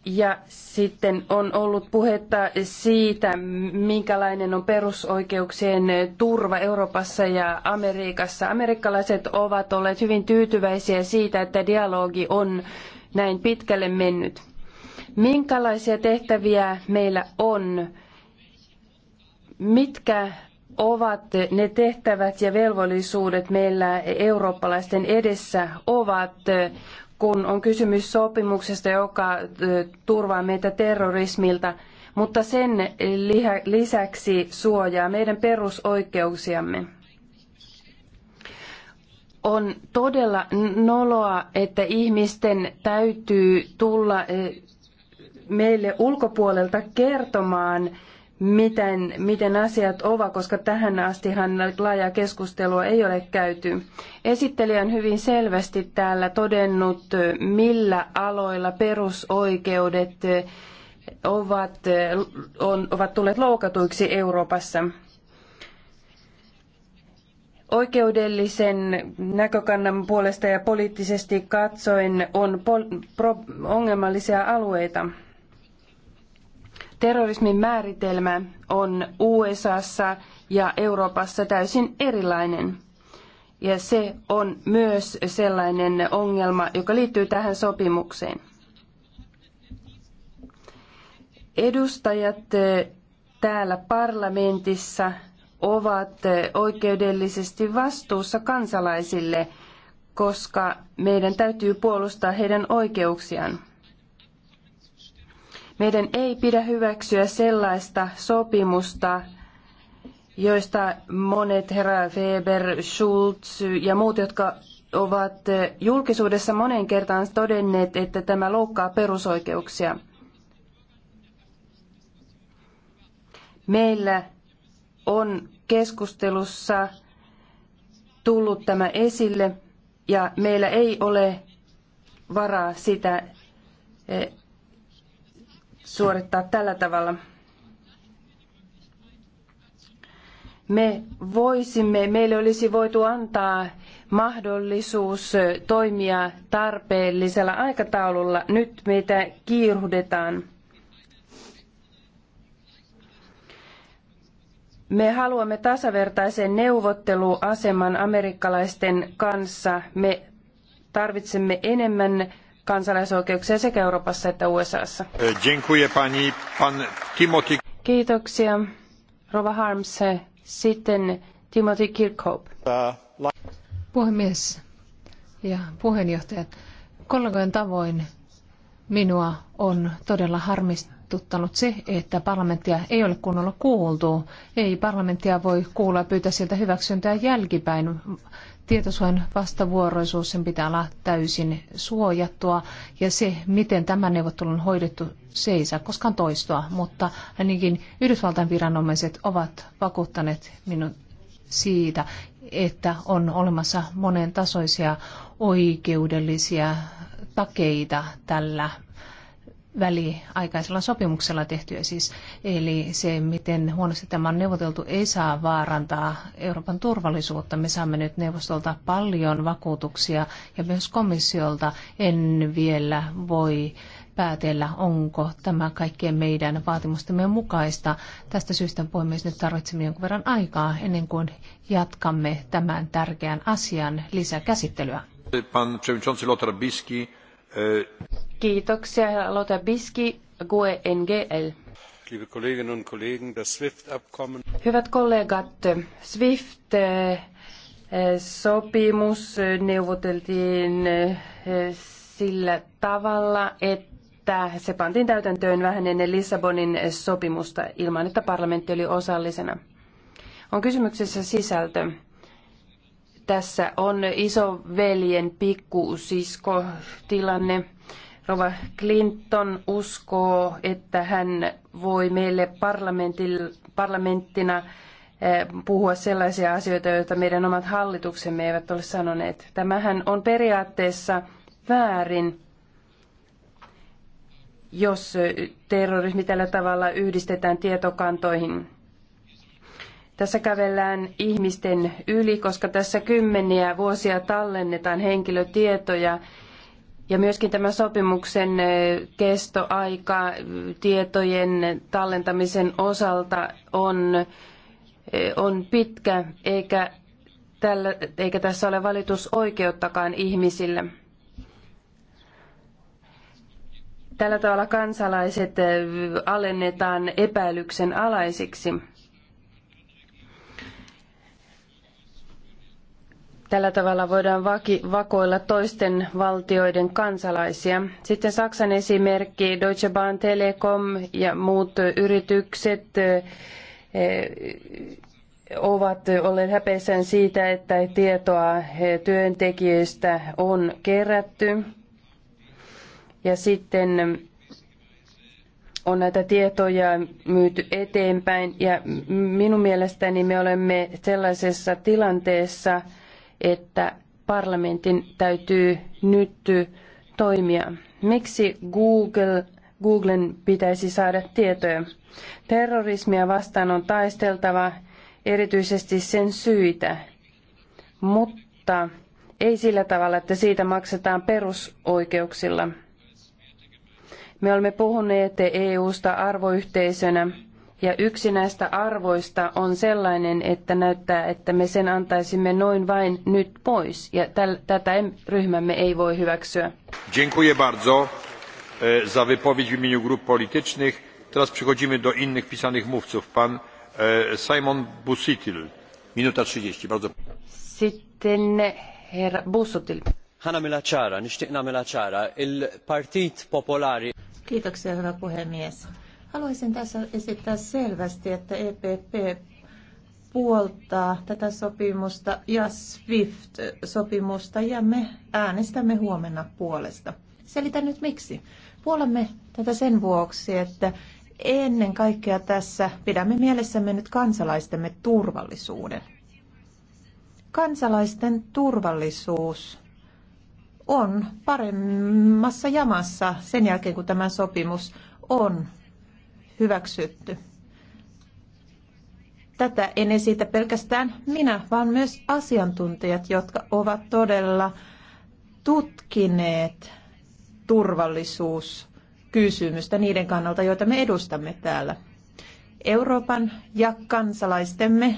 S1: ja sitten on ollut puhetta siitä, minkälainen on perusoikeuksien turva Euroopassa ja Amerikassa. Amerikkalaiset ovat olleet hyvin tyytyväisiä siitä, että dialogi on näin pitkälle mennyt. Minkälaisia tehtäviä meillä on? Mitkä ovat ne tehtävät ja velvollisuudet meillä eurooppalaisten edessä ovat? kun on kysymys sopimuksesta, joka turvaa meitä terrorismilta, mutta sen lisäksi suojaa meidän perusoikeuksiamme. On todella noloa, että ihmisten täytyy tulla meille ulkopuolelta kertomaan, miten, miten asiat ovat, koska tähän astihan laajaa keskustelua ei ole käyty. Esittelijä on hyvin selvästi täällä todennut, millä aloilla perusoikeudet ovat, on, ovat tulleet loukatuiksi Euroopassa. Oikeudellisen näkökannan puolesta ja poliittisesti katsoen on ongelmallisia alueita. Terrorismin määritelmä on USAssa ja Euroopassa täysin erilainen. Ja se on myös sellainen ongelma, joka liittyy tähän sopimukseen. Edustajat eh, täällä parlamentissa ovat eh, oikeudellisesti vastuussa kansalaisille, koska meidän täytyy puolustaa heidän oikeuksiaan. Meidän ei pidä hyväksyä sellaista sopimusta, joista monet herra Weber, Schulz ja muut, jotka ovat julkisuudessa monen kertaan todenneet, että tämä loukkaa perusoikeuksia. Meillä on keskustelussa tullut tämä esille ja meillä ei ole varaa sitä eh, suorittaa tällä tavalla. Me voisimme, meille olisi voitu antaa mahdollisuus toimia tarpeellisella aikataululla. Nyt meitä kiiruhdetaan. Me haluamme tasavertaisen neuvotteluaseman amerikkalaisten kanssa. Me tarvitsemme enemmän kansalaisoikeuksia sekä Euroopassa että USAssa. E, Kiitoksia. Rova Harms, sitten Timothy Kirkhope. Puhemies ja puheenjohtajat, kollegojen tavoin
S2: minua on todella harmistuttanut se, että parlamenttia ei ole kunnolla kuultu. Ei parlamenttia voi kuulla ja pyytää sieltä hyväksyntää jälkipäin tietosuojan vastavuoroisuus, sen pitää olla täysin suojattua ja se, miten tämä neuvottelu on hoidettu, se ei saa koskaan toistua, mutta ainakin Yhdysvaltain viranomaiset ovat vakuuttaneet minut siitä, että on olemassa monen tasoisia oikeudellisia takeita tällä väliaikaisella sopimuksella tehtyä siis. Eli se, miten huonosti tämä on neuvoteltu, ei saa vaarantaa Euroopan turvallisuutta. Me saamme nyt neuvostolta paljon vakuutuksia ja myös komissiolta en vielä voi päätellä, onko tämä kaikkien meidän vaatimustemme mukaista. Tästä syystä puhemies nyt tarvitsemme jonkun verran aikaa ennen kuin jatkamme tämän tärkeän asian lisäkäsittelyä.
S3: Pan przewodniczący Lothar Biski
S1: Kiitoksia, herra Lothar Biski, GUE NGL.
S3: Liebe Kolleginnen und Kollegen, das SWIFT-Abkommen.
S1: Hyvät kollegat, SWIFT sopimus neuvoteltiin eh, sillä tavalla, että se pantiin täytäntöön vähän ennen Lissabonin sopimusta ilman, että parlamentti oli osallisena. On kysymyksessä sisältö tässä on isoveljen pikkusisko tilanne. Rova Clinton uskoo, että hän voi meille parlamenttina eh, puhua sellaisia asioita, joita meidän omat hallituksemme eivät ole sanoneet. Tämähän on periaatteessa väärin, jos terrorismi tällä tavalla yhdistetään tietokantoihin. Tässä kävellään ihmisten yli, koska tässä kymmeniä vuosia tallennetaan henkilötietoja ja myöskin tämä sopimuksen kestoaika tietojen tallentamisen osalta on, on pitkä, eikä, tällä, eikä tässä ole valitusoikeuttakaan ihmisille. Tällä tavalla kansalaiset alennetaan epäilyksen alaisiksi. Tällä tavalla voidaan vaki, vakoilla toisten valtioiden kansalaisia. Sitten Saksan esimerkki, Deutsche Bahn Telekom ja muut yritykset ovat olleet häpeissään siitä, että tietoa työntekijöistä on kerätty. Ja sitten on näitä tietoja myyty eteenpäin. Ja minun mielestäni me olemme sellaisessa tilanteessa, että parlamentin täytyy nyt toimia. Miksi Google, Googlen pitäisi saada tietoja? Terrorismia vastaan on taisteltava erityisesti sen syitä, mutta ei sillä tavalla, että siitä maksetaan perusoikeuksilla. Me olemme puhuneet EUsta arvoyhteisönä ja yksi näistä arvoista on sellainen, että näyttää, että me sen antaisimme noin vain nyt pois. Ja täl, tätä ryhmämme ei voi hyväksyä.
S3: Dziękuję bardzo e, za wypowiedź w imieniu grup politycznych. Teraz przechodzimy do innych pisanych mówców. Pan e, Simon Busitil, minuta 30, bardzo
S1: Sitten herra Busutil.
S3: Hanna Milacara, nishtiqna Milacara, il Partit Popolari.
S4: Kiitoksia, hyvä puhemies Haluaisin tässä esittää selvästi, että EPP puoltaa tätä sopimusta ja SWIFT-sopimusta ja me äänestämme huomenna puolesta. Selitän nyt miksi. Puolamme tätä sen vuoksi, että ennen kaikkea tässä pidämme mielessämme nyt kansalaistemme turvallisuuden. Kansalaisten turvallisuus on paremmassa jamassa sen jälkeen, kun tämä sopimus on hyväksytty. Tätä en esitä pelkästään minä, vaan myös asiantuntijat, jotka ovat todella tutkineet turvallisuuskysymystä niiden kannalta, joita me edustamme täällä. Euroopan ja kansalaistemme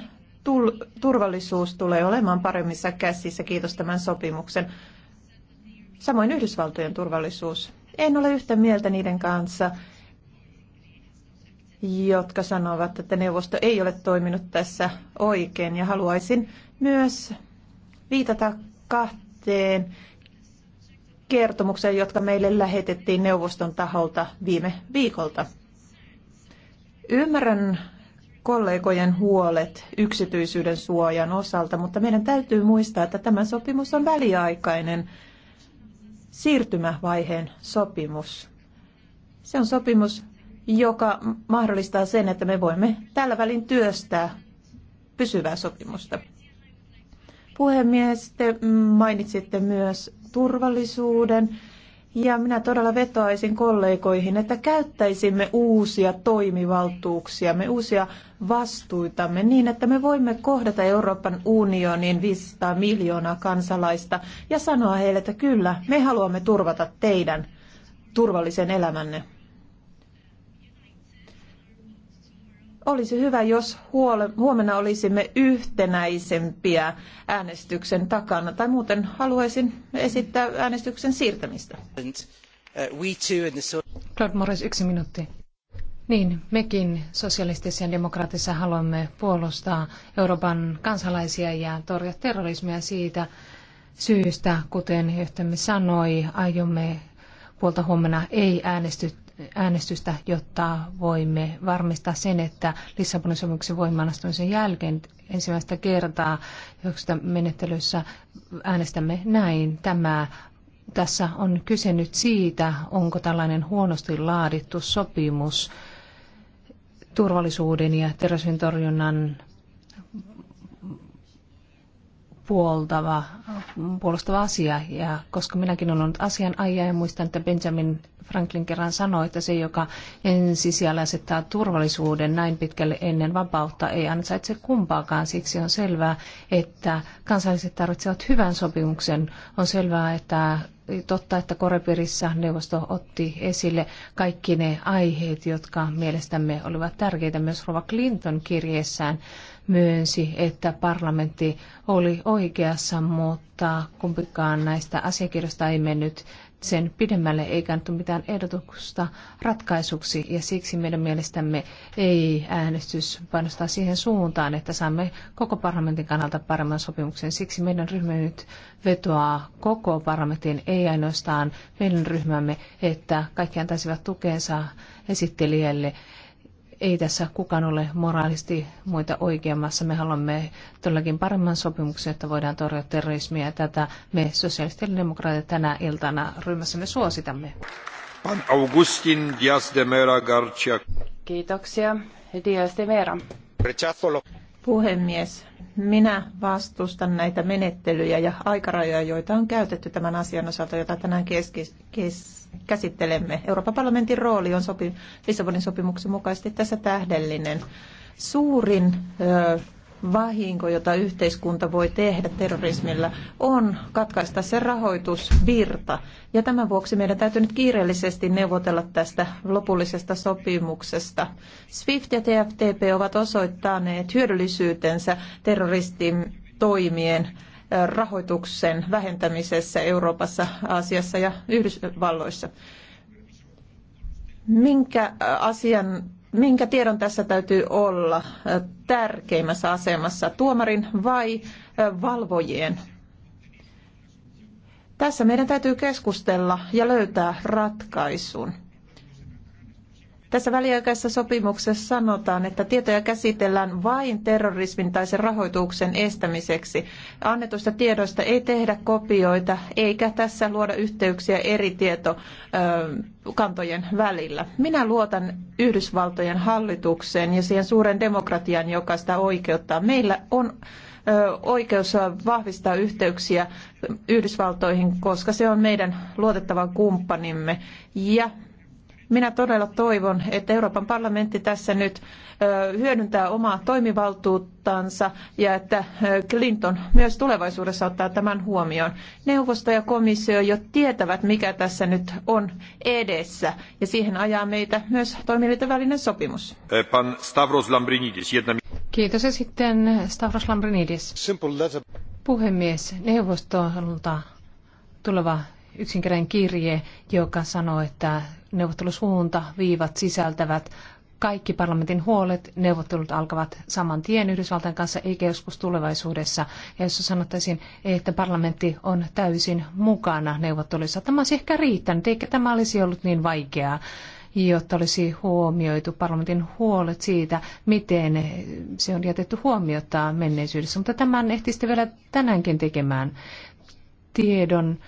S4: turvallisuus tulee olemaan paremmissa käsissä, kiitos tämän sopimuksen. Samoin Yhdysvaltojen turvallisuus. En ole yhtä mieltä niiden kanssa, jotka sanovat, että neuvosto ei ole toiminut tässä oikein. Ja haluaisin myös viitata kahteen kertomukseen, jotka meille lähetettiin neuvoston taholta viime viikolta. Ymmärrän kollegojen huolet yksityisyyden suojan osalta, mutta meidän täytyy muistaa, että tämä sopimus on väliaikainen siirtymävaiheen sopimus. Se on sopimus, joka mahdollistaa sen, että me voimme tällä välin työstää pysyvää sopimusta. Puhemies, te mainitsitte myös turvallisuuden. Ja minä todella vetoaisin kollegoihin, että käyttäisimme uusia toimivaltuuksia, me uusia vastuitamme niin, että me voimme kohdata Euroopan unionin 500 miljoonaa kansalaista ja sanoa heille, että kyllä, me haluamme turvata teidän turvallisen elämänne. Olisi hyvä, jos huomenna olisimme yhtenäisempiä äänestyksen takana, tai muuten haluaisin esittää äänestyksen siirtämistä. Uh,
S2: Claude Morris, yksi minuutti. Niin, mekin sosialistissa ja demokraatissa haluamme puolustaa Euroopan kansalaisia ja torjua terrorismia siitä syystä, kuten johtamme sanoi, aiomme puolta huomenna ei äänesty äänestystä, jotta voimme varmistaa sen, että Lissabonin sopimuksen voimaanastumisen jälkeen ensimmäistä kertaa menettelyssä äänestämme näin. Tämä tässä on kyse nyt siitä, onko tällainen huonosti laadittu sopimus turvallisuuden ja terrorismin torjunnan puoltava, puolustava asia. Ja koska minäkin olen ollut asianajaja ja muistan, että Benjamin Franklin kerran sanoi, että se, joka ensisijalla asettaa turvallisuuden näin pitkälle ennen vapautta, ei ansaitse kumpaakaan. Siksi on selvää, että kansalliset tarvitsevat hyvän sopimuksen. On selvää, että totta, että Korepirissä neuvosto otti esille kaikki ne aiheet, jotka mielestämme olivat tärkeitä myös Rova Clinton kirjeessään myönsi, että parlamentti oli oikeassa, mutta kumpikaan näistä asiakirjoista ei mennyt sen pidemmälle, eikä kannattu mitään ehdotusta ratkaisuksi, ja siksi meidän mielestämme ei äänestys painostaa siihen suuntaan, että saamme koko parlamentin kannalta paremman sopimuksen. Siksi meidän ryhmä nyt vetoaa koko parlamentin, ei ainoastaan meidän ryhmämme, että kaikki antaisivat tukensa esittelijälle ei tässä kukaan ole moraalisti muita oikeammassa. Me haluamme todellakin paremman sopimuksen, että voidaan torjua terrorismia. Tätä me sosiaalidemokraatit tänä iltana ryhmässämme suositamme.
S3: Pan Augustin Dias de Mera Garcia.
S2: Kiitoksia. Dias de
S4: Mera. Puhemies, minä vastustan näitä menettelyjä ja aikarajoja, joita on käytetty tämän asian osalta, jota tänään keski, kes, käsittelemme. Euroopan parlamentin rooli on sopi, Lissabonin sopimuksen mukaisesti tässä tähdellinen. Suurin ö, vahinko, jota yhteiskunta voi tehdä terrorismilla, on katkaista se rahoitusvirta. Ja tämän vuoksi meidän täytyy nyt kiireellisesti neuvotella tästä lopullisesta sopimuksesta. SWIFT ja TFTP ovat osoittaneet hyödyllisyytensä terroristin toimien rahoituksen vähentämisessä Euroopassa, Aasiassa ja Yhdysvalloissa. Minkä äh, asian minkä tiedon tässä täytyy olla äh, tärkeimmässä asemassa, tuomarin vai äh, valvojien? Tässä meidän täytyy keskustella ja löytää ratkaisun. Tässä väliaikaisessa sopimuksessa sanotaan, että tietoja käsitellään vain terrorismin tai sen rahoituksen estämiseksi. Annetusta tiedoista ei tehdä kopioita eikä tässä luoda yhteyksiä eri tietokantojen välillä. Minä luotan Yhdysvaltojen hallitukseen ja siihen suuren demokratian, joka sitä oikeuttaa. Meillä on oikeus vahvistaa yhteyksiä Yhdysvaltoihin, koska se on meidän luotettava kumppanimme. Ja minä todella toivon, että Euroopan parlamentti tässä nyt hyödyntää omaa toimivaltuuttansa ja että Clinton myös tulevaisuudessa ottaa tämän huomioon. Neuvosto ja komissio jo tietävät, mikä tässä nyt on edessä ja siihen ajaa meitä myös toimielinten välinen sopimus.
S3: E, pan Stavros Lambrinidis, jedna...
S2: Kiitos ja sitten Stavros Lambrinidis. Puhemies, neuvostolta tuleva yksinkertainen kirje, joka sanoo, että neuvottelusuunta viivat sisältävät kaikki parlamentin huolet, neuvottelut alkavat saman tien Yhdysvaltain kanssa, eikä joskus tulevaisuudessa. Ja jos sanottaisiin, että parlamentti on täysin mukana neuvotteluissa, tämä olisi ehkä riittänyt, eikä tämä olisi ollut niin vaikeaa jotta olisi huomioitu parlamentin huolet siitä, miten se on jätetty huomiota menneisyydessä. Mutta tämän ehtisitte vielä tänäänkin tekemään tiedon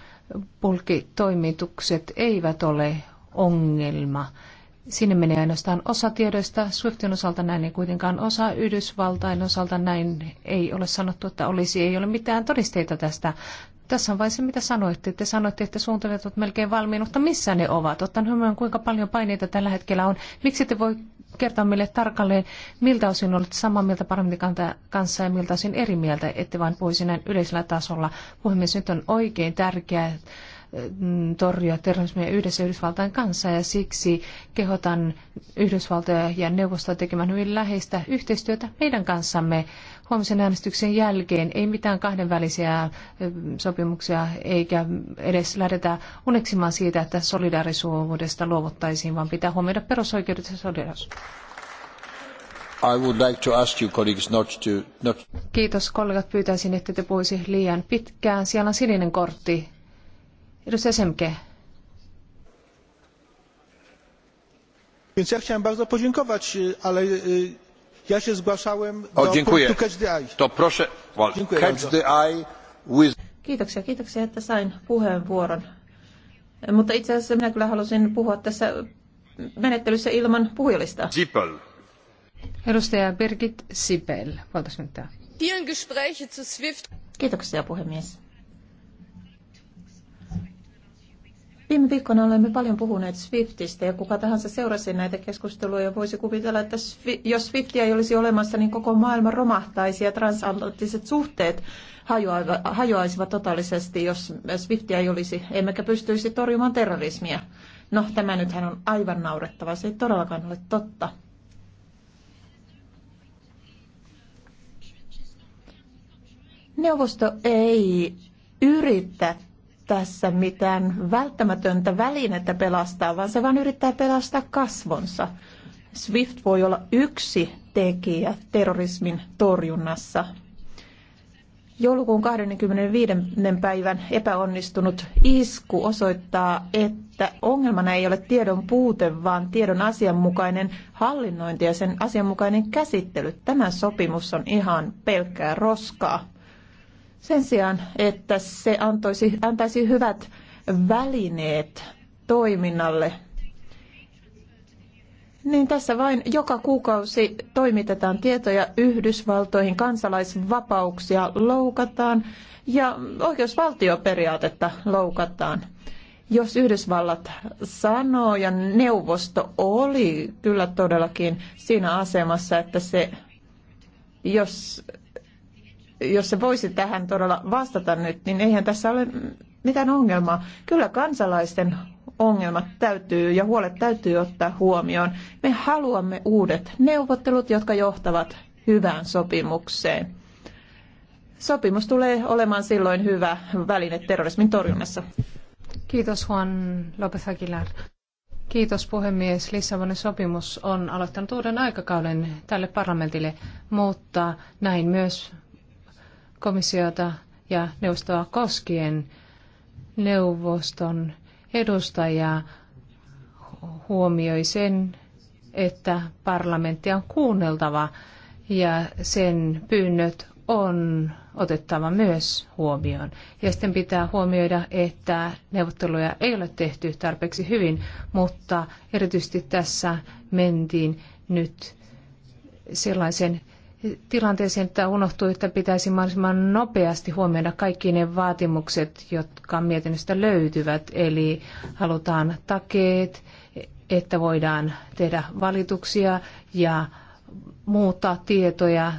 S2: bulkitoimitukset eivät ole ongelma. Sinne menee ainoastaan osa tiedoista. Swiftin osalta näin ei kuitenkaan osa. Yhdysvaltain osalta näin ei ole sanottu, että olisi. Ei ole mitään todisteita tästä. Tässä on vain se, mitä sanoitte. Te sanoitte, että suunnitelmat ovat melkein valmiin, mutta missä ne ovat? Ottan huomioon, kuinka paljon paineita tällä hetkellä on. Miksi te voi kertoa meille tarkalleen, miltä osin olet samaa mieltä parlamentin kanssa ja miltä osin eri mieltä, ette vain puhuisi näin yleisellä tasolla. Puhemies, nyt on oikein tärkeää äh, torjua terrorismia yhdessä Yhdysvaltain kanssa ja siksi kehotan Yhdysvaltoja ja neuvostoa tekemään hyvin läheistä yhteistyötä meidän kanssamme huomisen äänestyksen jälkeen. Ei mitään kahdenvälisiä sopimuksia eikä edes lähdetä uneksimaan siitä, että solidaarisuudesta luovuttaisiin, vaan pitää huomioida perusoikeudet ja solidaarisuus.
S3: I would like to ask you, colleagues, not to, not...
S2: Kiitos kollegat, pyytäisin, että te puhuisi liian pitkään. Siellä on sininen kortti. Edustaja Semke.
S3: ja chciałem bardzo podziękować, ale ja się zgłaszałem do o, dziękuję. punktu catch the eye. To proszę, well, dziękuję catch the eye with...
S4: Kiitoksia, kiitoksia, että sain puheenvuoron. Mutta itse asiassa minä kyllä halusin puhua tässä menettelyssä ilman puhujalistaa. Sipel. Edustaja
S2: Birgit Sipel, puolitoista Kiitoksia puhemies.
S4: Viime viikkoina olemme paljon puhuneet Swiftistä ja kuka tahansa seurasi näitä keskusteluja voisi kuvitella, että jos Swiftia ei olisi olemassa, niin koko maailma romahtaisi ja transatlanttiset suhteet hajoaisivat totaalisesti, jos Swiftia ei olisi, emmekä pystyisi torjumaan terrorismia. No, tämä nythän on aivan naurettava. Se ei todellakaan ole totta. Neuvosto ei yritä tässä mitään välttämätöntä välinettä pelastaa, vaan se vain yrittää pelastaa kasvonsa. SWIFT voi olla yksi tekijä terrorismin torjunnassa. Joulukuun 25. päivän epäonnistunut isku osoittaa, että ongelmana ei ole tiedon puute, vaan tiedon asianmukainen hallinnointi ja sen asianmukainen käsittely. Tämä sopimus on ihan pelkkää roskaa sen sijaan, että se antoisi, antaisi hyvät välineet toiminnalle, niin tässä vain joka kuukausi toimitetaan tietoja Yhdysvaltoihin, kansalaisvapauksia loukataan ja oikeusvaltioperiaatetta loukataan. Jos Yhdysvallat sanoo ja neuvosto oli kyllä todellakin siinä asemassa, että se, jos jos se voisi tähän todella vastata nyt, niin eihän tässä ole mitään ongelmaa. Kyllä kansalaisten ongelmat täytyy ja huolet täytyy ottaa huomioon. Me haluamme uudet neuvottelut, jotka johtavat hyvään sopimukseen. Sopimus tulee olemaan silloin hyvä väline terrorismin torjunnassa.
S2: Kiitos Juan López Aguilar. Kiitos puhemies. Lissabonin sopimus on aloittanut uuden aikakauden tälle parlamentille, mutta näin myös komissiota ja neuvostoa koskien neuvoston edustaja huomioi sen, että parlamenttia on kuunneltava ja sen pyynnöt on otettava myös huomioon. Ja sitten pitää huomioida, että neuvotteluja ei ole tehty tarpeeksi hyvin, mutta erityisesti tässä mentiin nyt sellaisen tilanteeseen, että unohtuu, että pitäisi mahdollisimman nopeasti huomioida kaikki ne vaatimukset, jotka mietinnöstä löytyvät. Eli halutaan takeet, että voidaan tehdä valituksia ja muuttaa tietoja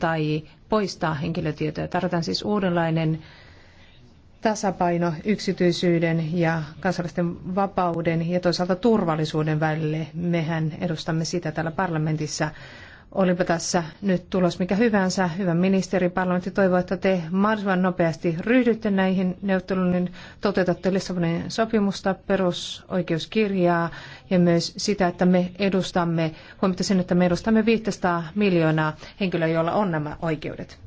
S2: tai poistaa henkilötietoja. Tarvitaan siis uudenlainen tasapaino yksityisyyden ja kansalaisten vapauden ja toisaalta turvallisuuden välille. Mehän edustamme sitä täällä parlamentissa. Olipa tässä nyt tulos mikä hyvänsä. Hyvä ministeri, parlamentti toivoo, että te mahdollisimman nopeasti ryhdytte näihin neuvotteluihin, niin toteutatte Lissabonin sopimusta, perusoikeuskirjaa ja myös sitä, että me edustamme, huomitte sen, että me edustamme 500 miljoonaa henkilöä, joilla on nämä oikeudet.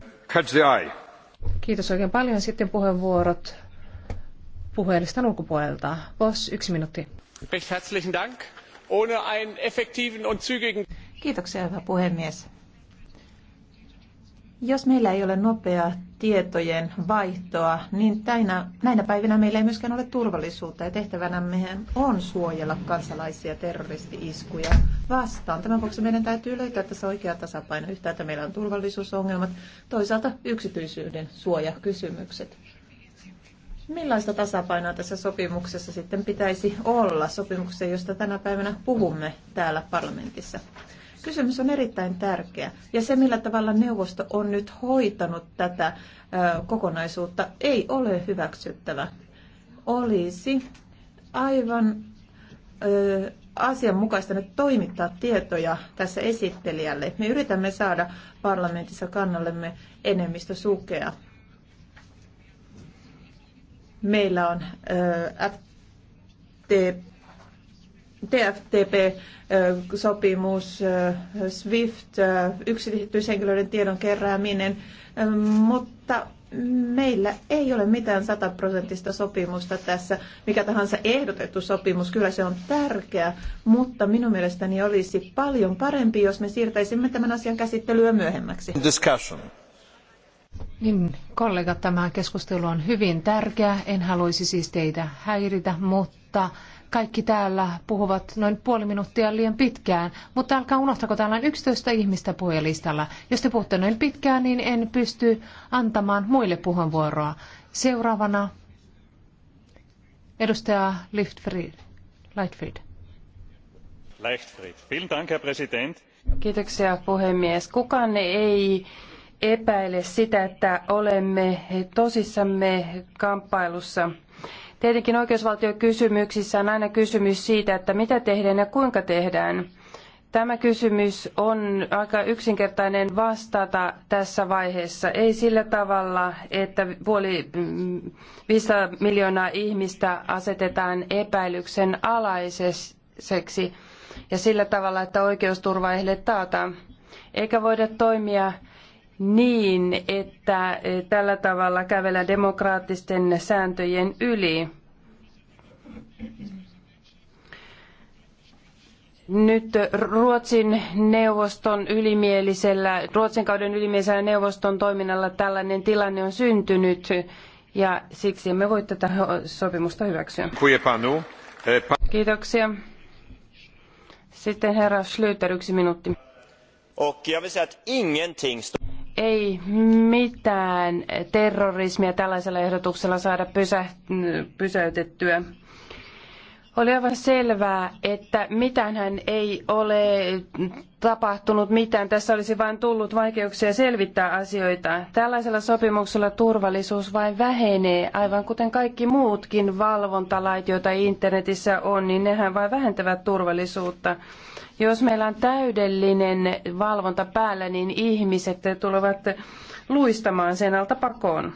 S2: Kiitos oikein paljon. Sitten puheenvuorot puhelistan ulkopuolelta. Boss, yksi minuutti.
S3: Recht herzlichen Dank. Ohne einen effektiven und zügigen
S2: Kiitoksia, hyvä puhemies.
S4: Jos meillä ei ole nopeaa tietojen vaihtoa, niin täinä, näinä päivinä meillä ei myöskään ole turvallisuutta ja tehtävänä mehän on suojella kansalaisia terroristi-iskuja vastaan. Tämän vuoksi meidän täytyy löytää tässä oikea tasapaino. Yhtäältä meillä on turvallisuusongelmat, toisaalta yksityisyyden suojakysymykset. Millaista tasapainoa tässä sopimuksessa sitten pitäisi olla, sopimuksessa, josta tänä päivänä puhumme täällä parlamentissa? Kysymys on erittäin tärkeä. Ja se, millä tavalla neuvosto on nyt hoitanut tätä kokonaisuutta, ei ole hyväksyttävä. Olisi aivan ö, asianmukaista nyt toimittaa tietoja tässä esittelijälle. Me yritämme saada parlamentissa kannallemme enemmistö sukea. Meillä on ö, FTP TFTP-sopimus, SWIFT, yksityishenkilöiden tiedon kerääminen, mutta meillä ei ole mitään sataprosenttista sopimusta tässä. Mikä tahansa ehdotettu sopimus, kyllä se on tärkeä, mutta minun mielestäni olisi paljon parempi, jos me siirtäisimme tämän asian käsittelyä myöhemmäksi.
S3: Discussion.
S2: Niin, kollegat, tämä keskustelu on hyvin tärkeä. En haluaisi siis teitä häiritä, mutta kaikki täällä puhuvat noin puoli minuuttia liian pitkään, mutta älkää unohtako, täällä on 11 ihmistä puhelistalla. Jos te puhutte noin pitkään, niin en pysty antamaan muille puheenvuoroa. Seuraavana edustaja Lichtfried. Lightfried.
S4: Lightfried. Dank, Herr
S1: Kiitoksia puhemies. Kukaan ei epäile sitä, että olemme tosissamme kamppailussa – Tietenkin oikeusvaltiokysymyksissä on aina kysymys siitä, että mitä tehdään ja kuinka tehdään. Tämä kysymys on aika yksinkertainen vastata tässä vaiheessa. Ei sillä tavalla, että puoli 500 mm, miljoonaa ihmistä asetetaan epäilyksen alaiseksi ja sillä tavalla, että oikeusturva ei heille taataan. Eikä voida toimia niin, että e, tällä tavalla kävellä demokraattisten sääntöjen yli. Nyt Ruotsin neuvoston ylimielisellä, Ruotsin kauden ylimielisellä neuvoston toiminnalla tällainen tilanne on syntynyt ja siksi emme voi tätä sopimusta hyväksyä. E, Kiitoksia. Sitten herra Schlüter, yksi minuutti. Och jag vill säga att ingenting står ei mitään terrorismia tällaisella ehdotuksella saada pysäytettyä. Oli aivan selvää, että mitään hän ei ole tapahtunut mitään. Tässä olisi vain tullut vaikeuksia selvittää asioita. Tällaisella sopimuksella turvallisuus vain vähenee, aivan kuten kaikki muutkin valvontalait, joita internetissä on, niin nehän vain vähentävät turvallisuutta. Jos meillä on täydellinen valvonta päällä, niin ihmiset tulevat luistamaan sen alta pakoon.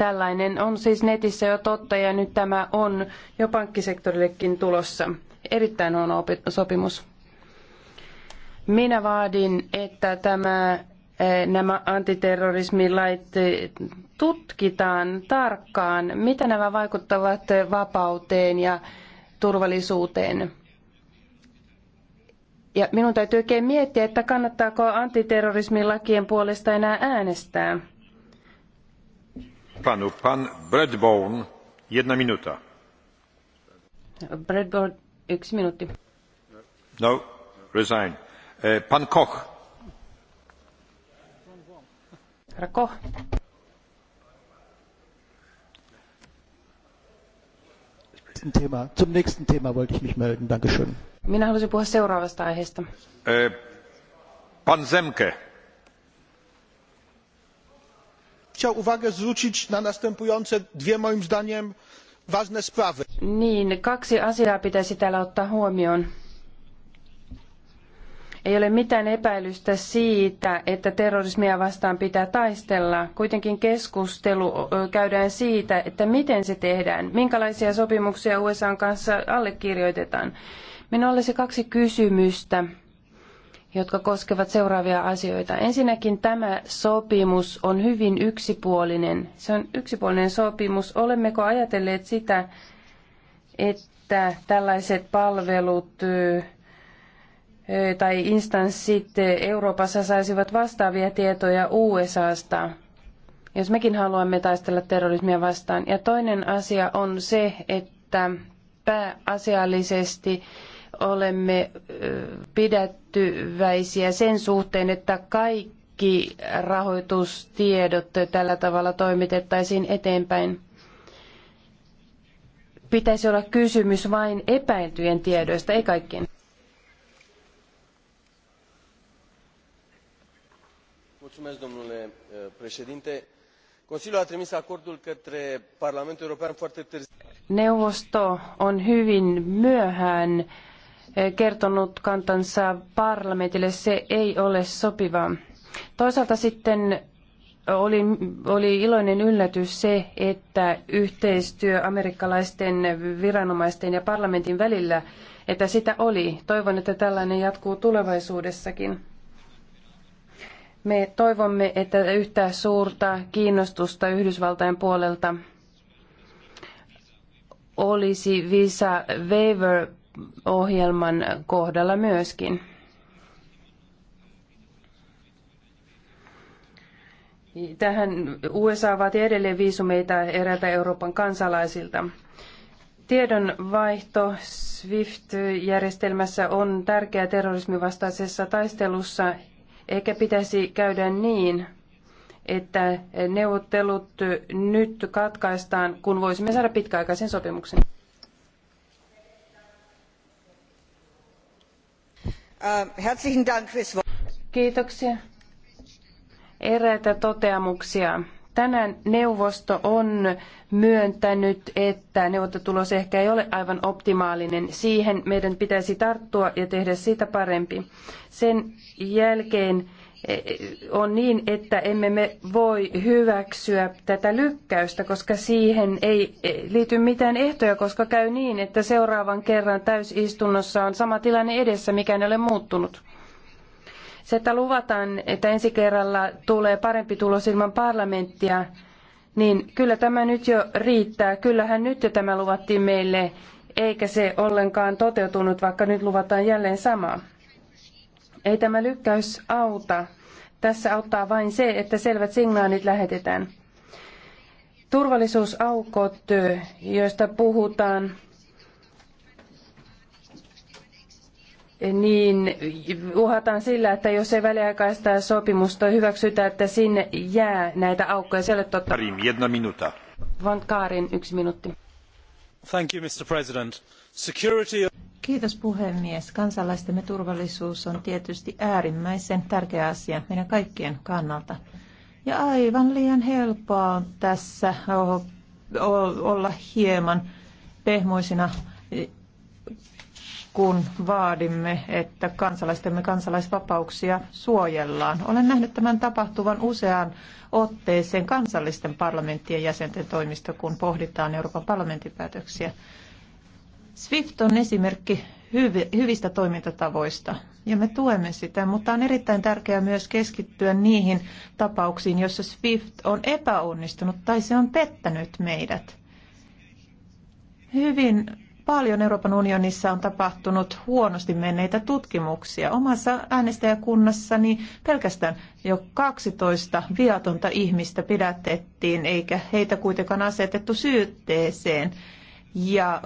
S1: Tällainen on siis netissä jo totta ja nyt tämä on jo pankkisektorillekin tulossa. Erittäin huono sopimus. Minä vaadin, että tämä, eh, nämä antiterrorismilait tutkitaan tarkkaan, mitä nämä vaikuttavat vapauteen ja turvallisuuteen. Ja minun täytyy oikein miettiä, että kannattaako antiterrorismin lakien puolesta enää äänestää
S3: panu. Pan Bradbourne, jedna minuta.
S1: Bradbourne, yksi
S3: No, resign. E, pan Koch.
S1: Herra Koch. nächsten Thema. Zum nächsten Thema wollte ich
S3: mich melden. Dankeschön.
S1: Minä halusin puhua seuraavasta aiheesta.
S3: E, pan Zemke. chciał uwagę zwrócić na następujące dwie moim zdaniem ważne sprawy.
S1: Niin, kaksi asiaa pitäisi täällä ottaa huomioon. Ei ole mitään epäilystä siitä, että terrorismia vastaan pitää taistella. Kuitenkin keskustelu käydään siitä, että miten se tehdään, minkälaisia sopimuksia USA kanssa allekirjoitetaan. Minulla olisi kaksi kysymystä jotka koskevat seuraavia asioita. Ensinnäkin tämä sopimus on hyvin yksipuolinen. Se on yksipuolinen sopimus. Olemmeko ajatelleet sitä, että tällaiset palvelut tai instanssit Euroopassa saisivat vastaavia tietoja USAsta, jos mekin haluamme taistella terrorismia vastaan. Ja toinen asia on se, että pääasiallisesti olemme pidättyväisiä sen suhteen, että kaikki rahoitustiedot tällä tavalla toimitettaisiin eteenpäin. Pitäisi olla kysymys vain epäiltyjen tiedoista, ei kaikkien. neuvosto on hyvin myöhään Eh, kertonut kantansa parlamentille, se ei ole sopivaa. Toisaalta sitten oli, oli iloinen yllätys se, että yhteistyö amerikkalaisten viranomaisten ja parlamentin välillä, että sitä oli. Toivon, että tällainen jatkuu tulevaisuudessakin. Me toivomme, että yhtä suurta kiinnostusta Yhdysvaltain puolelta olisi visa waiver ohjelman kohdalla myöskin. Tähän USA vaati edelleen viisumeita eräältä Euroopan kansalaisilta. Tiedonvaihto SWIFT-järjestelmässä on tärkeä terrorismivastaisessa taistelussa, eikä pitäisi käydä niin, että neuvottelut nyt katkaistaan, kun voisimme saada pitkäaikaisen sopimuksen.
S3: Äh, herzlichen Dank fürs Kiitoksia.
S1: Eräitä toteamuksia. Tänään neuvosto on myöntänyt, että neuvottelutulos ehkä ei ole aivan optimaalinen. Siihen meidän pitäisi tarttua ja tehdä siitä parempi. Sen jälkeen on niin, että emme me voi hyväksyä tätä lykkäystä, koska siihen ei liity mitään ehtoja, koska käy niin, että seuraavan kerran täysistunnossa on sama tilanne edessä, mikä ei ole muuttunut. Se, että luvataan, että ensi kerralla tulee parempi tulos ilman parlamenttia, niin kyllä tämä nyt jo riittää. Kyllähän nyt jo tämä luvattiin meille, eikä se ollenkaan toteutunut, vaikka nyt luvataan jälleen samaa. Ei tämä lykkäys auta. Tässä auttaa vain se, että selvät signaalit lähetetään. Turvallisuusaukot, joista puhutaan, niin uhataan sillä, että jos ei väliaikaista sopimusta hyväksytä, että sinne jää näitä aukkoja. Siellä totta.
S3: Karim, jedna minuta.
S1: Van Kaarin, yksi minuutti.
S3: Thank you, Mr. President. Security...
S4: Kiitos puhemies. Kansalaistemme turvallisuus on tietysti äärimmäisen tärkeä asia meidän kaikkien kannalta. Ja aivan liian helppoa on tässä olla hieman pehmoisina, kun vaadimme, että kansalaistemme kansalaisvapauksia suojellaan. Olen nähnyt tämän tapahtuvan useaan otteeseen kansallisten parlamenttien jäsenten toimista, kun pohditaan Euroopan parlamentin päätöksiä. SWIFT on esimerkki hyvistä toimintatavoista ja me tuemme sitä, mutta on erittäin tärkeää myös keskittyä niihin tapauksiin, joissa SWIFT on epäonnistunut tai se on pettänyt meidät. Hyvin paljon Euroopan unionissa on tapahtunut huonosti menneitä tutkimuksia. Omassa äänestäjäkunnassani pelkästään jo 12 viatonta ihmistä pidätettiin, eikä heitä kuitenkaan asetettu syytteeseen. Ja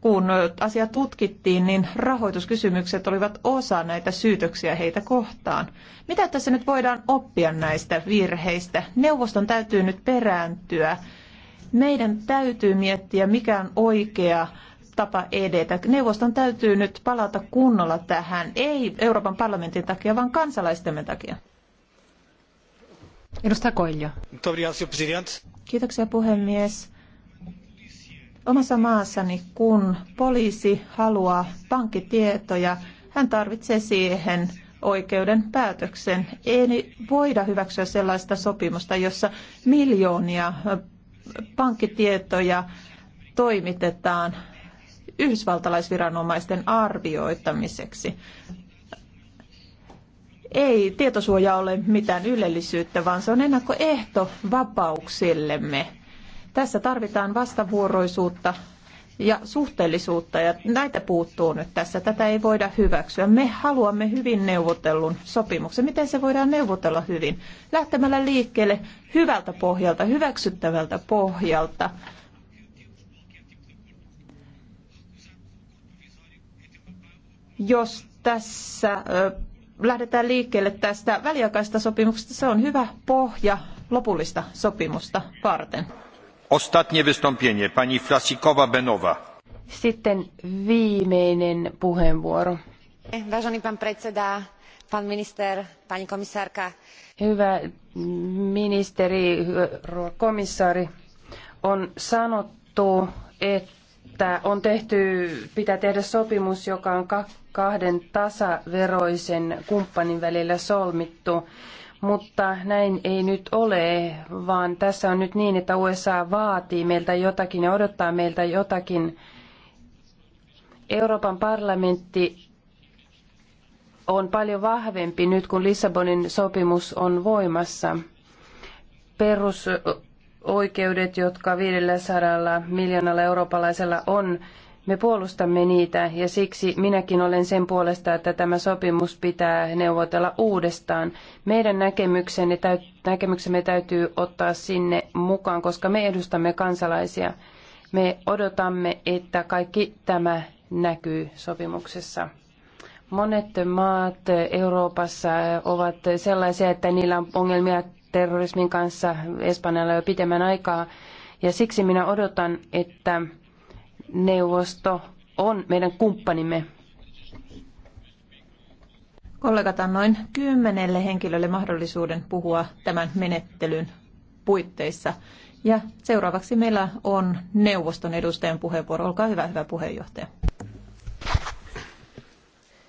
S4: kun asia tutkittiin, niin rahoituskysymykset olivat osa näitä syytöksiä heitä kohtaan. Mitä tässä nyt voidaan oppia näistä virheistä? Neuvoston täytyy nyt perääntyä. Meidän täytyy miettiä, mikä on oikea tapa edetä. Neuvoston täytyy nyt palata kunnolla tähän, ei Euroopan parlamentin takia, vaan kansalaistemme takia. Edustaja Koilja. Kiitoksia puhemies Omassa maassani, kun poliisi haluaa pankkitietoja, hän tarvitsee siihen oikeuden päätöksen. Ei voida hyväksyä sellaista sopimusta, jossa miljoonia pankkitietoja toimitetaan yhdysvaltalaisviranomaisten arvioitamiseksi. Ei tietosuoja ole mitään ylellisyyttä, vaan se on ennakkoehto vapauksillemme. Tässä tarvitaan vastavuoroisuutta ja suhteellisuutta, ja näitä puuttuu nyt tässä. Tätä ei voida hyväksyä. Me haluamme hyvin neuvotellun sopimuksen. Miten se voidaan neuvotella hyvin? Lähtemällä liikkeelle hyvältä pohjalta, hyväksyttävältä pohjalta. Jos tässä lähdetään liikkeelle tästä väliaikaista sopimuksesta, se on hyvä pohja lopullista sopimusta varten.
S3: Ostatnie wystąpienie, pani
S1: Sitten viimeinen puheenvuoro. Vážený pán predseda, pán minister, pani komisárka. Hyvä ministeri, hyvä komissaari, on sanottu, että on tehty, pitää tehdä sopimus, joka on kahden tasaveroisen kumppanin välillä solmittu mutta näin ei nyt ole, vaan tässä on nyt niin, että USA vaatii meiltä jotakin ja odottaa meiltä jotakin. Euroopan parlamentti on paljon vahvempi nyt, kun Lissabonin sopimus on voimassa. Perusoikeudet, jotka 500 miljoonalla eurooppalaisella on, me puolustamme niitä ja siksi minäkin olen sen puolesta, että tämä sopimus pitää neuvotella uudestaan. Meidän näkemyksemme, näkemyksemme täytyy ottaa sinne mukaan, koska me edustamme kansalaisia. Me odotamme, että kaikki tämä näkyy sopimuksessa. Monet maat Euroopassa ovat sellaisia, että niillä on ongelmia terrorismin kanssa Espanjalla jo pitemmän aikaa. Ja siksi minä odotan, että neuvosto on meidän kumppanimme. Kollegat
S4: noin kymmenelle henkilölle mahdollisuuden puhua tämän menettelyn puitteissa. Ja seuraavaksi meillä on neuvoston edustajan puheenvuoro. Olkaa hyvä, hyvä puheenjohtaja.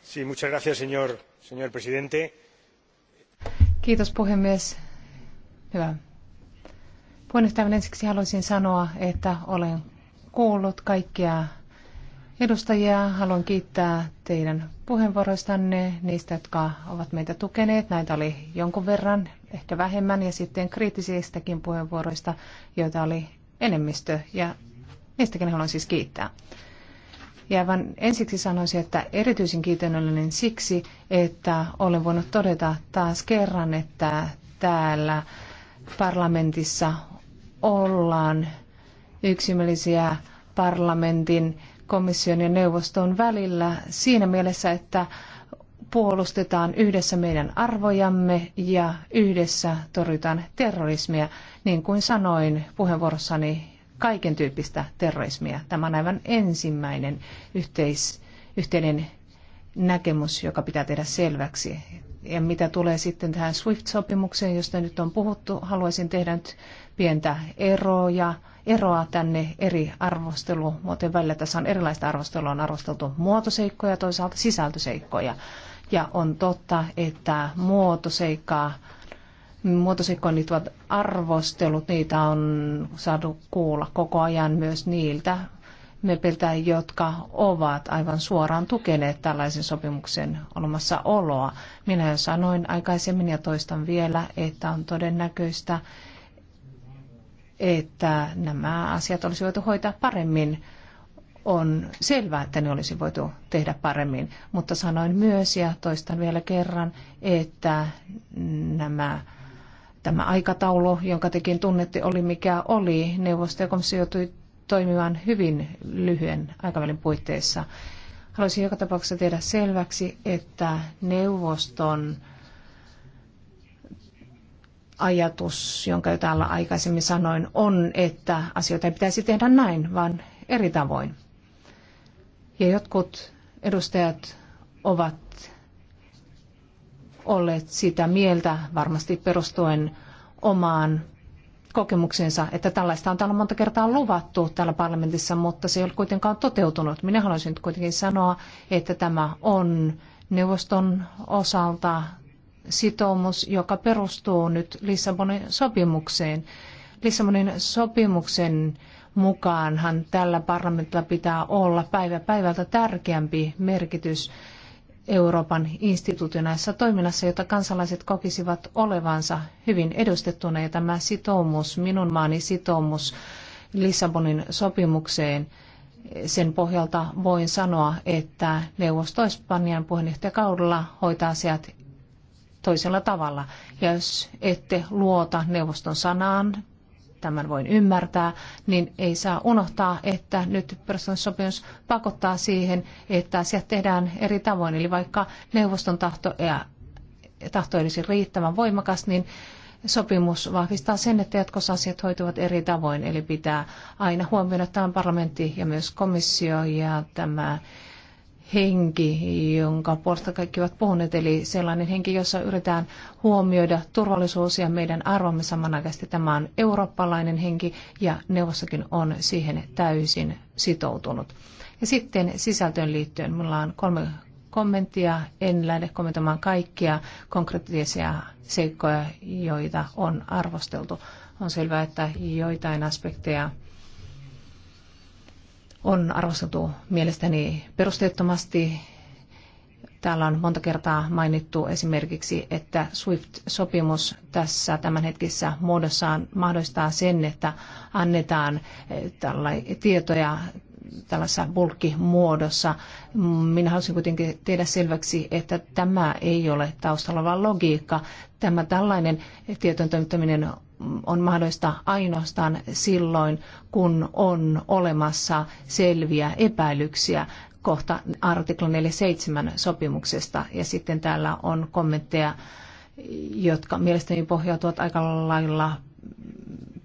S3: Sí, muchas gracias, señor, señor presidente.
S2: Kiitos puhemies. Hyvä. Puheenjohtaja, ensiksi haluaisin sanoa, että olen kuullut kaikkia edustajia. Haluan kiittää teidän puheenvuoroistanne, niistä, jotka ovat meitä tukeneet. Näitä oli jonkun verran, ehkä vähemmän, ja sitten kriittisistäkin puheenvuoroista, joita oli enemmistö, ja niistäkin haluan siis kiittää. Ja vaan ensiksi sanoisin, että erityisen kiitollinen siksi, että olen voinut todeta taas kerran, että täällä parlamentissa ollaan yksimielisiä parlamentin, komission ja neuvoston välillä siinä mielessä, että puolustetaan yhdessä meidän arvojamme ja yhdessä torjutaan terrorismia. Niin kuin sanoin puheenvuorossani, kaiken tyyppistä terrorismia. Tämä on aivan ensimmäinen yhteis, yhteinen näkemys, joka pitää tehdä selväksi. Ja mitä tulee sitten tähän SWIFT-sopimukseen, josta nyt on puhuttu, haluaisin tehdä nyt pientä eroja eroa tänne eri arvostelumuotojen välillä. Tässä on erilaista arvostelua, on arvosteltu muotoseikkoja ja toisaalta sisältöseikkoja. Ja on totta, että muotoseikkaa muotoseikkoon liittyvät arvostelut, niitä on saatu kuulla koko ajan myös niiltä mepiltä, jotka ovat aivan suoraan tukeneet tällaisen sopimuksen olemassaoloa. Minä jo sanoin aikaisemmin ja toistan vielä, että on todennäköistä, että nämä asiat olisi voitu hoitaa paremmin. On selvää, että ne olisi voitu tehdä paremmin, mutta sanoin myös ja toistan vielä kerran, että nämä tämä aikataulu, jonka tekin tunnette, oli mikä oli. Neuvosto ja komissio joutui toimimaan hyvin lyhyen aikavälin puitteissa. Haluaisin joka tapauksessa tehdä selväksi, että neuvoston ajatus, jonka jo täällä aikaisemmin sanoin, on, että asioita ei pitäisi tehdä näin, vaan eri tavoin. Ja jotkut edustajat ovat olleet sitä mieltä, varmasti perustuen omaan kokemuksensa, että tällaista on täällä monta kertaa luvattu täällä parlamentissa, mutta se ei ole kuitenkaan toteutunut. Minä haluaisin nyt kuitenkin sanoa, että tämä on neuvoston osalta sitoumus, joka perustuu nyt Lissabonin sopimukseen. Lissabonin sopimuksen mukaanhan tällä parlamentilla pitää olla päivä päivältä tärkeämpi merkitys Euroopan instituutionaissa toiminnassa, jota kansalaiset kokisivat olevansa hyvin edustettuna. Ja tämä sitoumus, minun maani sitoumus Lissabonin sopimukseen, sen pohjalta voin sanoa, että neuvosto Espanjan puheenjohtajakaudella hoitaa asiat toisella tavalla. Ja jos ette luota neuvoston sanaan, tämän voin ymmärtää, niin ei saa unohtaa, että nyt perustamissopimus pakottaa siihen, että asiat tehdään eri tavoin. Eli vaikka neuvoston tahto, ja, tahto olisi riittävän voimakas, niin sopimus vahvistaa sen, että jatkossa asiat hoituvat eri tavoin. Eli pitää aina huomioida tämä parlamentti ja myös komissio ja tämä henki, jonka puolesta kaikki ovat puhuneet, eli sellainen henki, jossa yritetään huomioida turvallisuus ja meidän arvomme samanaikaisesti. Tämä on eurooppalainen henki ja neuvostokin on siihen täysin sitoutunut. Ja sitten sisältöön liittyen, minulla on kolme kommenttia. En lähde kommentoimaan kaikkia konkreettisia seikkoja, joita on arvosteltu. On selvää, että joitain aspekteja on arvosteltu mielestäni perusteettomasti. Täällä on monta kertaa mainittu esimerkiksi, että SWIFT-sopimus tässä tämänhetkisessä muodossaan mahdollistaa sen, että annetaan eh, tietoja tällaisessa bulkkimuodossa. Minä haluaisin kuitenkin tehdä selväksi, että tämä ei ole taustalla, vaan logiikka. Tämä tällainen tietojen toimittaminen on mahdollista ainoastaan silloin, kun on olemassa selviä epäilyksiä kohta artikla 47 sopimuksesta. Ja sitten täällä on kommentteja, jotka mielestäni pohjautuvat aika lailla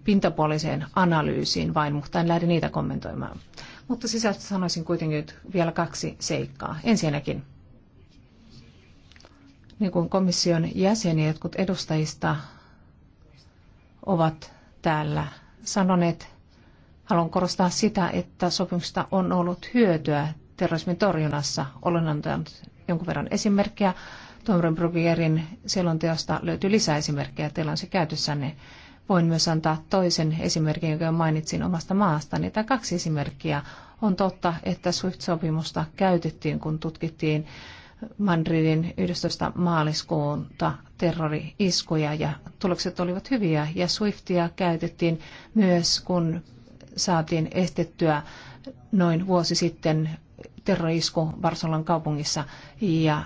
S2: pintapuoliseen analyysiin vain, mutta en lähde niitä kommentoimaan. Mutta sisällöstä sanoisin kuitenkin vielä kaksi seikkaa. Ensinnäkin, niin kuin komission jäseniä jotkut edustajista ovat täällä sanoneet. Haluan korostaa sitä, että sopimuksesta on ollut hyötyä terrorismin torjunnassa. Olen antanut jonkun verran esimerkkejä. Tuomarin Brugierin selonteosta löytyy lisää esimerkkejä. Teillä on se käytössänne. Voin myös antaa toisen esimerkin, jonka mainitsin omasta maastani. Tämä kaksi esimerkkiä. On totta, että SWIFT-sopimusta käytettiin, kun tutkittiin Madridin 11. maaliskuuta terrori-iskuja ja tulokset olivat hyviä ja Swiftia käytettiin myös, kun saatiin estettyä noin vuosi sitten terrorisku Varsolan kaupungissa ja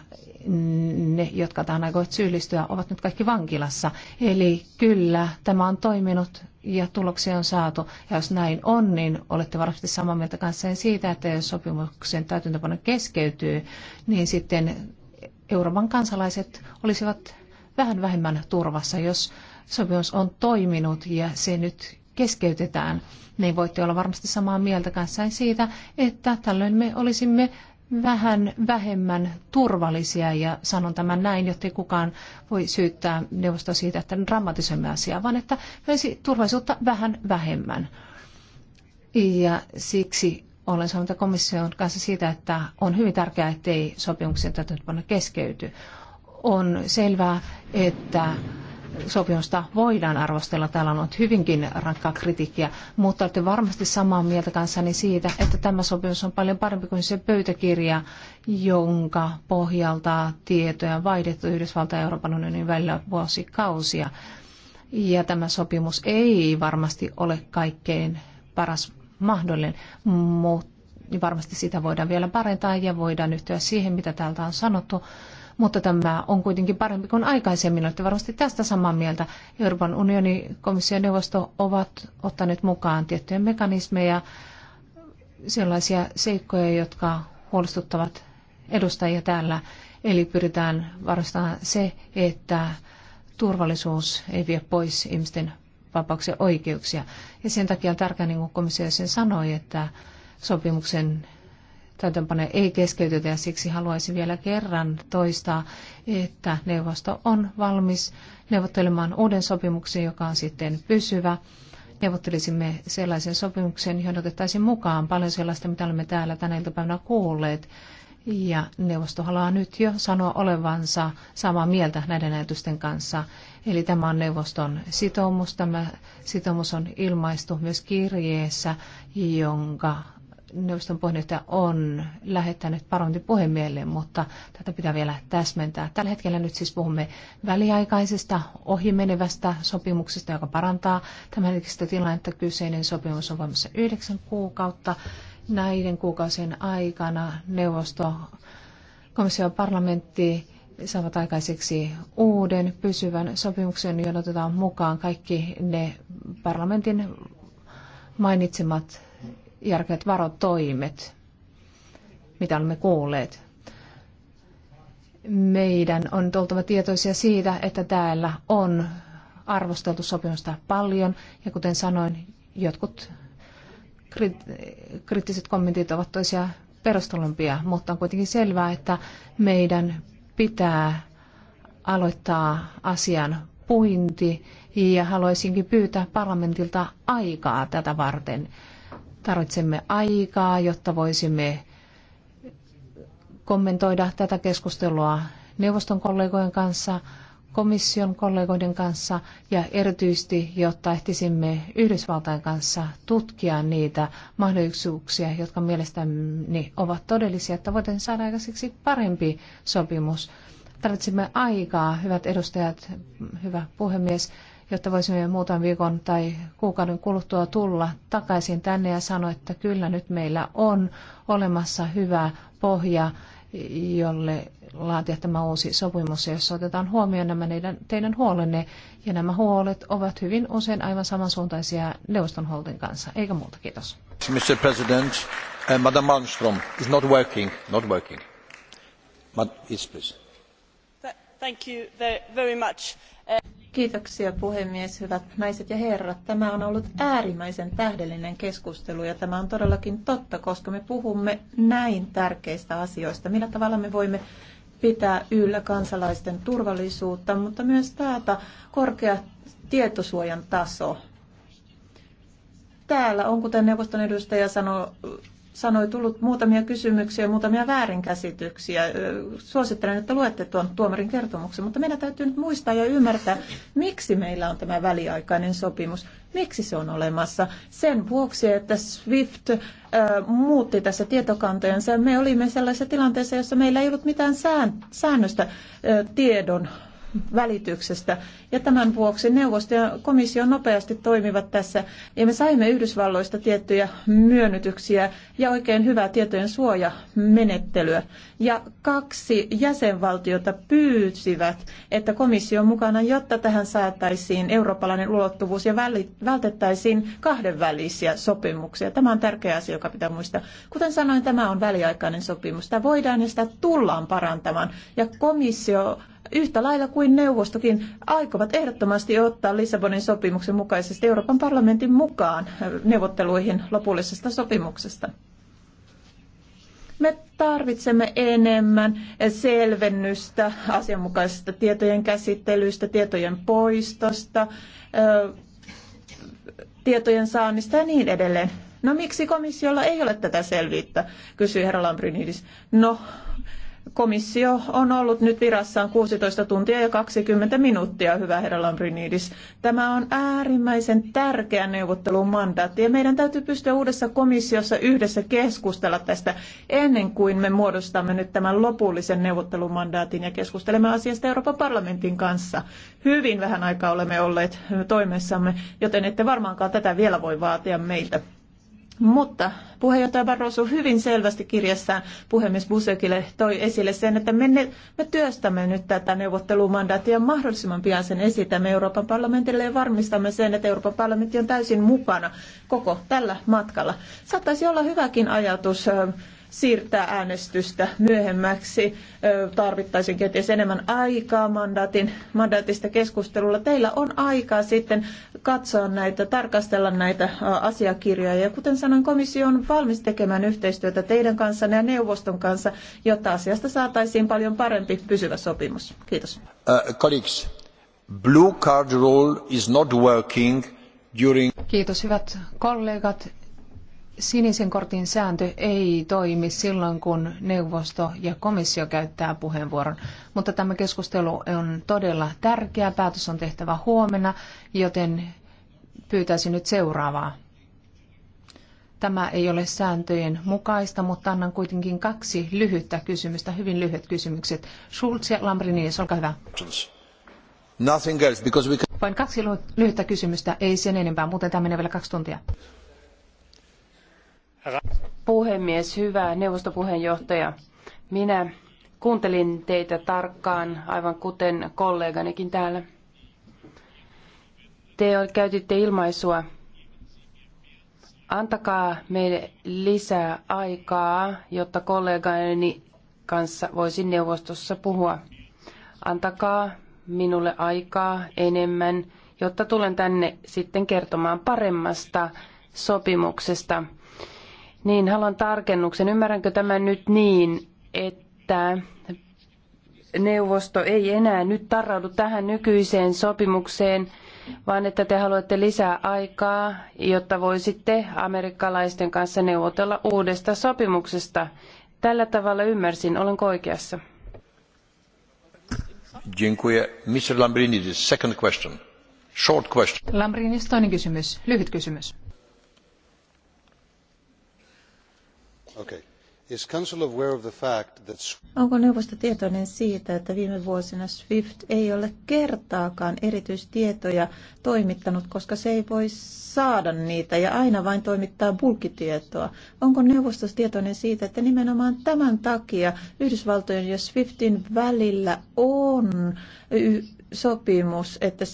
S2: ne, jotka tähän aikoivat syyllistyä, ovat nyt kaikki vankilassa. Eli kyllä tämä on toiminut ja tuloksia on saatu. Ja jos näin on, niin olette varmasti samaa mieltä kanssani siitä, että jos sopimuksen täytäntöpano keskeytyy, niin sitten Euroopan kansalaiset olisivat vähän vähemmän turvassa, jos sopimus on toiminut ja se nyt keskeytetään niin voitte olla varmasti samaa mieltä kanssani siitä, että tällöin me olisimme vähän vähemmän turvallisia ja sanon tämän näin, ei kukaan voi syyttää neuvostoa siitä, että dramatisoimme asiaa, vaan että olisi turvallisuutta vähän vähemmän. Ja siksi olen saanut komission kanssa siitä, että on hyvin tärkeää, ettei sopimuksen täytäntöönpano keskeyty. On selvää, että sopimusta voidaan arvostella. Täällä on ollut hyvinkin rankkaa kritiikkiä, mutta olette varmasti samaa mieltä kanssani siitä, että tämä sopimus on paljon parempi kuin se pöytäkirja, jonka pohjalta tietoja on vaihdettu Yhdysvaltain ja Euroopan unionin välillä vuosikausia. Ja tämä sopimus ei varmasti ole kaikkein paras mahdollinen, mutta varmasti sitä voidaan vielä parantaa ja voidaan yhtyä siihen, mitä täältä on sanottu mutta tämä on kuitenkin parempi kuin aikaisemmin. Olette varmasti tästä samaa mieltä. Euroopan unioni, komission neuvosto ovat ottaneet mukaan tiettyjä mekanismeja, sellaisia seikkoja, jotka huolestuttavat edustajia täällä. Eli pyritään varmistamaan se, että turvallisuus ei vie pois ihmisten vapauksia oikeuksia. Ja sen takia on tärkeää, niin kuin komissio sen sanoi, että sopimuksen täytäntöönpano ei keskeytetä ja siksi haluaisin vielä kerran toistaa, että neuvosto on valmis neuvottelemaan uuden sopimuksen, joka on sitten pysyvä. Neuvottelisimme sellaisen sopimuksen, johon otettaisiin mukaan paljon sellaista, mitä olemme täällä tänä iltapäivänä kuulleet. Ja neuvosto haluaa nyt jo sanoa olevansa samaa mieltä näiden ajatusten kanssa. Eli tämä on neuvoston sitoumus. Tämä sitoumus on ilmaistu myös kirjeessä, jonka neuvoston puheenjohtaja on lähettänyt parlamentin puhemiehelle, mutta tätä pitää vielä täsmentää. Tällä hetkellä nyt siis puhumme väliaikaisesta ohimenevästä sopimuksesta, joka parantaa hetkistä tilannetta. Kyseinen sopimus on voimassa yhdeksän kuukautta. Näiden kuukausien aikana neuvosto, komissio ja parlamentti saavat aikaiseksi uuden pysyvän sopimuksen, jolla otetaan mukaan kaikki ne parlamentin mainitsemat järkevät varotoimet, mitä olemme kuulleet. Meidän on oltava tietoisia siitä, että täällä on arvosteltu sopimusta paljon ja kuten sanoin, jotkut kriittiset kommentit ovat toisia perustelumpia, mutta on kuitenkin selvää, että meidän pitää aloittaa asian puinti ja haluaisinkin pyytää parlamentilta aikaa tätä varten. Tarvitsemme aikaa, jotta voisimme kommentoida tätä keskustelua neuvoston kollegojen kanssa, komission kollegoiden kanssa ja erityisesti, jotta ehtisimme Yhdysvaltain kanssa tutkia niitä mahdollisuuksia, jotka mielestäni ovat todellisia, että voitaisiin saada aikaiseksi parempi sopimus. Tarvitsemme aikaa, hyvät edustajat, hyvä puhemies jotta voisimme muutaman viikon tai kuukauden kuluttua tulla takaisin tänne ja sanoa, että kyllä nyt meillä on olemassa hyvä pohja, jolle laatia tämä uusi sopimus, jossa otetaan huomioon nämä neidän, teidän huolenne. Ja nämä huolet ovat hyvin usein aivan samansuuntaisia neuvoston huolten kanssa, eikä muuta.
S3: Kiitos. Mr. President, uh, Madam Malmström is not working, not working. But yes, please.
S1: Thank you very much. Uh...
S4: Kiitoksia puhemies, hyvät naiset ja herrat. Tämä on ollut äärimmäisen tähdellinen keskustelu ja tämä on todellakin totta, koska me puhumme näin tärkeistä asioista. Millä tavalla me voimme pitää yllä kansalaisten turvallisuutta, mutta myös taata korkea tietosuojan taso. Täällä on, kuten neuvoston edustaja sanoi, sanoi, tullut muutamia kysymyksiä ja muutamia väärinkäsityksiä. Suosittelen, että luette tuon tuomarin kertomuksen, mutta meidän täytyy nyt muistaa ja ymmärtää, miksi meillä on tämä väliaikainen sopimus. Miksi se on olemassa? Sen vuoksi, että SWIFT muutti tässä tietokantojensa. Me olimme sellaisessa tilanteessa, jossa meillä ei ollut mitään säännöstä tiedon välityksestä. Ja tämän vuoksi neuvosto ja komissio nopeasti toimivat tässä. Ja me saimme Yhdysvalloista tiettyjä myönnytyksiä ja oikein hyvää tietojen suojamenettelyä. Ja kaksi jäsenvaltiota pyysivät, että komissio mukana, jotta tähän saataisiin eurooppalainen ulottuvuus ja vältettäisiin kahdenvälisiä sopimuksia. Tämä on tärkeä asia, joka pitää muistaa. Kuten sanoin, tämä on väliaikainen sopimus. Sitä voidaan ja sitä tullaan parantamaan. Ja komissio yhtä lailla kuin neuvostokin aikovat ehdottomasti ottaa Lissabonin sopimuksen mukaisesti Euroopan parlamentin mukaan neuvotteluihin lopullisesta sopimuksesta. Me tarvitsemme enemmän selvennystä asianmukaisesta tietojen käsittelystä, tietojen poistosta, tietojen saannista ja niin edelleen. No miksi komissiolla ei ole tätä selvyyttä, kysyi herra Lambrinidis. No Komissio on ollut nyt virassaan 16 tuntia ja 20 minuuttia, hyvä herra Lambrinidis. Tämä on äärimmäisen tärkeä neuvottelun mandaatti ja meidän täytyy pystyä uudessa komissiossa yhdessä keskustella tästä ennen kuin me muodostamme nyt tämän lopullisen neuvottelumandaatin ja keskustelemme asiasta Euroopan parlamentin kanssa. Hyvin vähän aikaa olemme olleet toimessamme, joten ette varmaankaan tätä vielä voi vaatia meiltä. Mutta puheenjohtaja Barroso hyvin selvästi kirjassaan puhemies Busekille toi esille sen, että me, ne, me työstämme nyt tätä neuvottelumandaattia mahdollisimman pian sen esitämme Euroopan parlamentille ja varmistamme sen, että Euroopan parlamentti on täysin mukana koko tällä matkalla. Saattaisi olla hyväkin ajatus siirtää äänestystä myöhemmäksi. Tarvittaisiin kenties enemmän aikaa mandaatin, mandaatista keskustelulla. Teillä on aikaa sitten katsoa näitä, tarkastella näitä asiakirjoja. Ja kuten sanoin, komissio on valmis tekemään yhteistyötä teidän kanssanne ja neuvoston kanssa, jotta asiasta saataisiin paljon parempi pysyvä sopimus. Kiitos.
S3: Uh, colleagues, blue card rule is not working during...
S2: Kiitos hyvät kollegat sinisen kortin sääntö ei toimi silloin, kun neuvosto ja komissio käyttää puheenvuoron. Mutta tämä keskustelu on todella tärkeä. Päätös on tehtävä huomenna, joten pyytäisin nyt seuraavaa. Tämä ei ole sääntöjen mukaista, mutta annan kuitenkin kaksi lyhyttä kysymystä, hyvin lyhyet kysymykset. Schulz ja Lambrinides, olkaa hyvä. Vain kaksi lyhyttä kysymystä, ei sen enempää, muuten tämä menee vielä kaksi tuntia.
S1: Puhemies, hyvä neuvostopuheenjohtaja. Minä kuuntelin teitä tarkkaan, aivan kuten kolleganikin täällä. Te käytitte ilmaisua, antakaa meille lisää aikaa, jotta kollegani kanssa voisin neuvostossa puhua. Antakaa minulle aikaa enemmän, jotta tulen tänne sitten kertomaan paremmasta sopimuksesta. Niin, haluan tarkennuksen. Ymmärränkö tämä nyt niin, että neuvosto ei enää nyt tarraudu tähän nykyiseen sopimukseen, vaan että te haluatte lisää aikaa, jotta voisitte amerikkalaisten kanssa neuvotella uudesta sopimuksesta. Tällä tavalla ymmärsin, olenko oikeassa?
S3: Dziękuję. Mr. Lambrinidis, second question. Short question.
S2: Lambrinis, toinen kysymys, lyhyt kysymys.
S4: Onko neuvosto tietoinen siitä, että viime vuosina SWIFT ei ole kertaakaan erityistietoja toimittanut, koska se ei voi saada niitä ja aina vain toimittaa bulkitietoa? Onko neuvosto tietoinen siitä, että nimenomaan tämän takia Yhdysvaltojen ja SWIFTin välillä on sopimus, että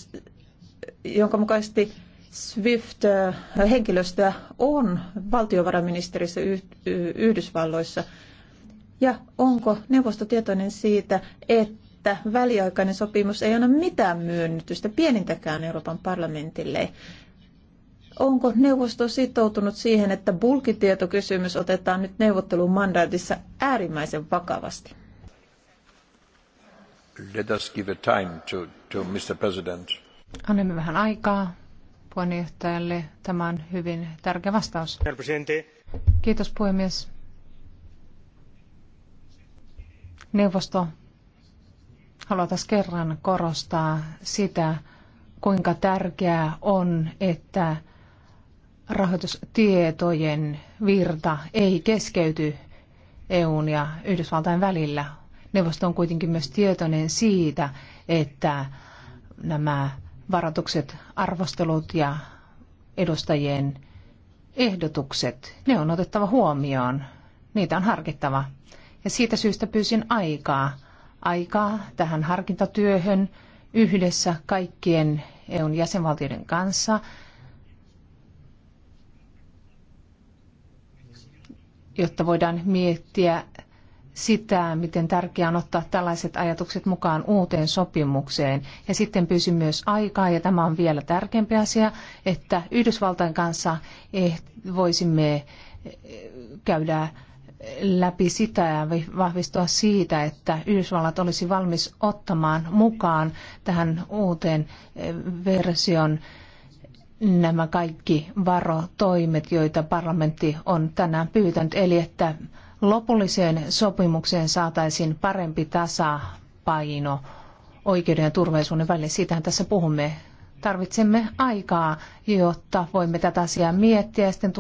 S4: jonka mukaisesti SWIFT-henkilöstöä on valtiovarainministeriössä Yhdysvalloissa? Ja onko neuvosto tietoinen siitä, että väliaikainen sopimus ei anna mitään myönnytystä pienintäkään Euroopan parlamentille? Onko neuvosto sitoutunut siihen, että bulkitietokysymys otetaan nyt neuvottelun mandaatissa äärimmäisen vakavasti?
S3: Let us give a time to, to Mr. President.
S2: Annamme vähän aikaa puheenjohtajalle. Tämä on hyvin tärkeä vastaus. Kiitos puhemies. Neuvosto haluaa taas kerran korostaa sitä, kuinka tärkeää on, että rahoitustietojen virta ei keskeyty EUn ja Yhdysvaltain välillä. Neuvosto on kuitenkin myös tietoinen siitä, että nämä varoitukset, arvostelut ja edustajien ehdotukset, ne on otettava huomioon. Niitä on harkittava. Ja siitä syystä pyysin aikaa. Aikaa tähän harkintatyöhön yhdessä kaikkien EUn jäsenvaltioiden kanssa. jotta voidaan miettiä sitä, miten tärkeää on ottaa tällaiset ajatukset mukaan uuteen sopimukseen. Ja sitten pyysi myös aikaa, ja tämä on vielä tärkeämpi asia, että Yhdysvaltain kanssa eh, voisimme eh, käydä läpi sitä ja vahvistua siitä, että Yhdysvallat olisi valmis ottamaan mukaan tähän uuteen eh, version nämä kaikki varotoimet, joita parlamentti on tänään pyytänyt, eli että lopulliseen sopimukseen saataisiin parempi tasapaino oikeuden ja turvallisuuden välillä. Siitähän tässä puhumme. Tarvitsemme aikaa, jotta voimme tätä asiaa miettiä ja sitten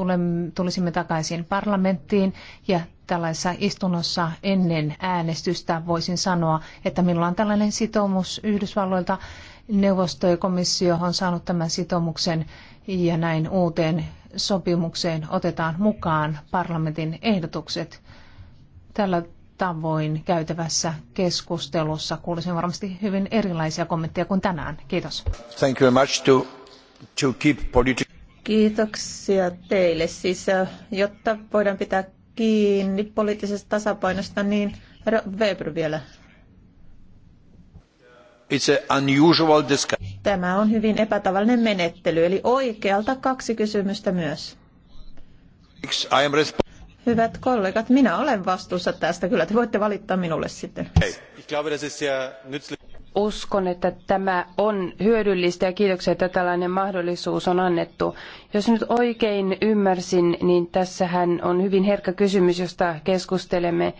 S2: tulisimme takaisin parlamenttiin ja tällaisessa istunnossa ennen äänestystä voisin sanoa, että minulla on tällainen sitoumus Yhdysvalloilta. Neuvosto ja komissio on saanut tämän sitoumuksen ja näin uuteen sopimukseen otetaan mukaan parlamentin ehdotukset tällä tavoin käytävässä keskustelussa. Kuulisin varmasti hyvin erilaisia kommentteja kuin tänään. Kiitos.
S3: Thank you very much to, to keep politi-
S2: Kiitoksia teille. Siis,
S4: jotta voidaan pitää kiinni poliittisesta tasapainosta, niin Weber vielä.
S3: It's an unusual discussion.
S4: Tämä on hyvin epätavallinen menettely, eli oikealta kaksi kysymystä myös. I am Hyvät kollegat, minä olen vastuussa tästä. Kyllä te voitte valittaa minulle
S1: sitten. Uskon, että tämä on hyödyllistä ja kiitoksia, että tällainen mahdollisuus on annettu. Jos nyt oikein ymmärsin, niin tässähän on hyvin herkkä kysymys, josta keskustelemme.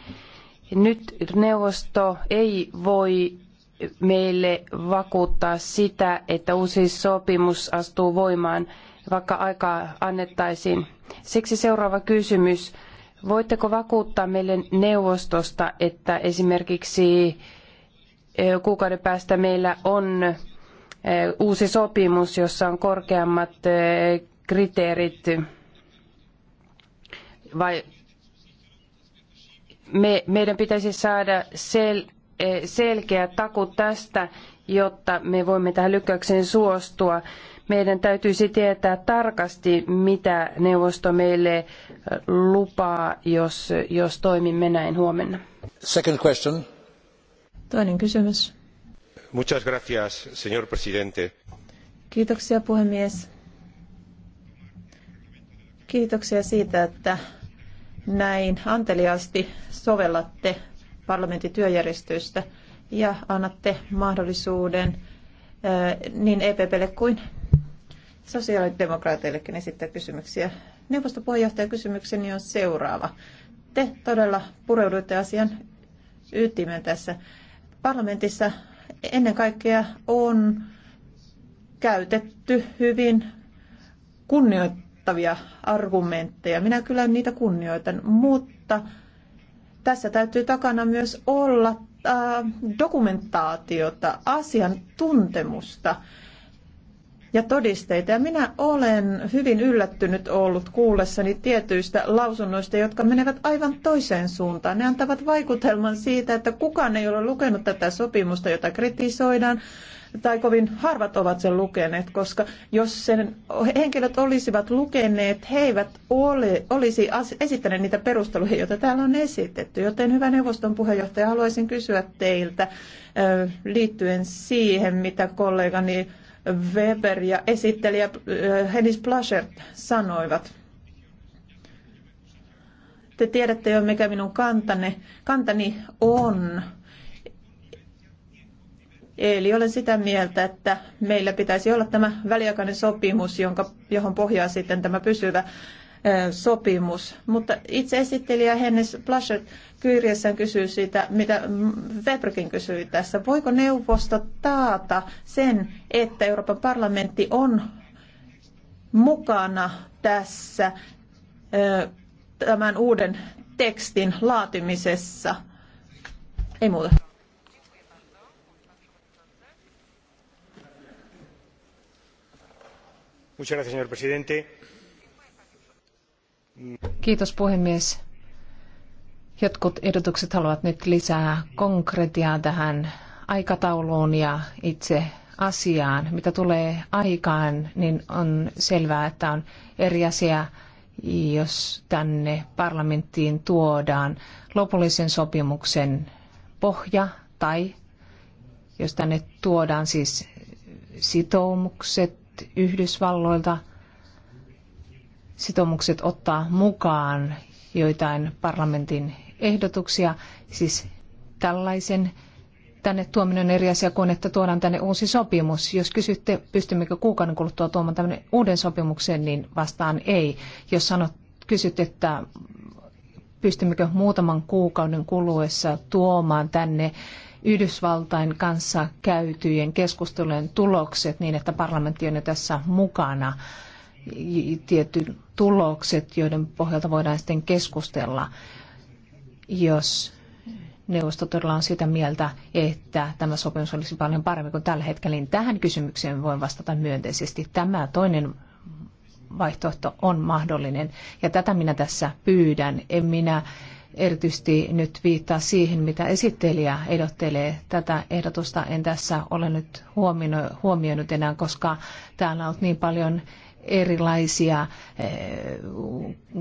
S1: Nyt neuvosto ei voi meille vakuuttaa sitä, että uusi sopimus astuu voimaan, vaikka aikaa annettaisiin. Siksi seuraava kysymys Voitteko vakuuttaa meille neuvostosta, että esimerkiksi eh, kuukauden päästä meillä on eh, uusi sopimus, jossa on korkeammat eh, kriteerit? Vai me, meidän pitäisi saada sel, selkeä taku tästä, jotta me voimme tähän lykkäykseen suostua. Meidän täytyisi tietää tarkasti, mitä neuvosto meille äh, lupaa, jos, jos toimimme näin huomenna.
S3: Second question.
S1: Toinen kysymys.
S3: Muchas gracias, señor presidente.
S4: Kiitoksia puhemies. Kiitoksia siitä, että näin anteliaasti sovellatte parlamentin työjärjestystä ja annatte mahdollisuuden äh, niin EPPlle kuin sosiaalidemokraateillekin esittää kysymyksiä. Neuvostopuheenjohtajan kysymykseni on seuraava. Te todella pureuduitte asian ytimen tässä. Parlamentissa ennen kaikkea on käytetty hyvin kunnioittavia argumentteja. Minä kyllä niitä kunnioitan, mutta tässä täytyy takana myös olla äh, dokumentaatiota, asiantuntemusta ja todisteita. Ja minä olen hyvin yllättynyt ollut kuullessani tietyistä lausunnoista, jotka menevät aivan toiseen suuntaan. Ne antavat vaikutelman siitä, että kukaan ei ole lukenut tätä sopimusta, jota kritisoidaan, tai kovin harvat ovat sen lukeneet, koska jos sen henkilöt olisivat lukeneet, he eivät ole, olisi esittäneet niitä perusteluja, joita täällä on esitetty. Joten hyvä neuvoston puheenjohtaja, haluaisin kysyä teiltä liittyen siihen, mitä kollegani Weber ja esittelijä äh, Hennis Plaschert sanoivat. Te tiedätte jo, mikä minun kantani, kantani on. Eli olen sitä mieltä, että meillä pitäisi olla tämä väliaikainen sopimus, jonka, johon pohjaa sitten tämä pysyvä sopimus. Mutta itse esittelijä Hennes Plaschert kyyriessään kysyy siitä, mitä Weberkin kysyi tässä. Voiko neuvosto taata sen, että Euroopan parlamentti on mukana tässä tämän uuden tekstin laatimisessa? Ei muuta.
S3: Muchas gracias, señor presidente
S2: Kiitos puhemies. Jotkut ehdotukset haluavat nyt lisää konkretiaa tähän aikatauluun ja itse asiaan. Mitä tulee aikaan, niin on selvää, että on eri asia, jos tänne parlamenttiin tuodaan lopullisen sopimuksen pohja tai jos tänne tuodaan siis sitoumukset Yhdysvalloilta – sitoumukset ottaa mukaan joitain parlamentin ehdotuksia, siis tällaisen tänne tuominen on eri asia kuin, että tuodaan tänne uusi sopimus. Jos kysytte, pystymmekö kuukauden kuluttua tuomaan tämmöinen uuden sopimuksen, niin vastaan ei. Jos sanot, kysyt, että pystymmekö muutaman kuukauden kuluessa tuomaan tänne Yhdysvaltain kanssa käytyjen keskustelujen tulokset niin, että parlamentti on jo tässä mukana, tietyt tulokset, joiden pohjalta voidaan sitten keskustella, jos neuvosto todella on sitä mieltä, että tämä sopimus olisi paljon parempi kuin tällä hetkellä, niin tähän kysymykseen voin vastata myönteisesti. Tämä toinen vaihtoehto on mahdollinen. Ja tätä minä tässä pyydän. En minä erityisesti nyt viittaa siihen, mitä esittelijä ehdottelee. Tätä ehdotusta en tässä ole nyt huomioinut enää, koska täällä on niin paljon erilaisia eh,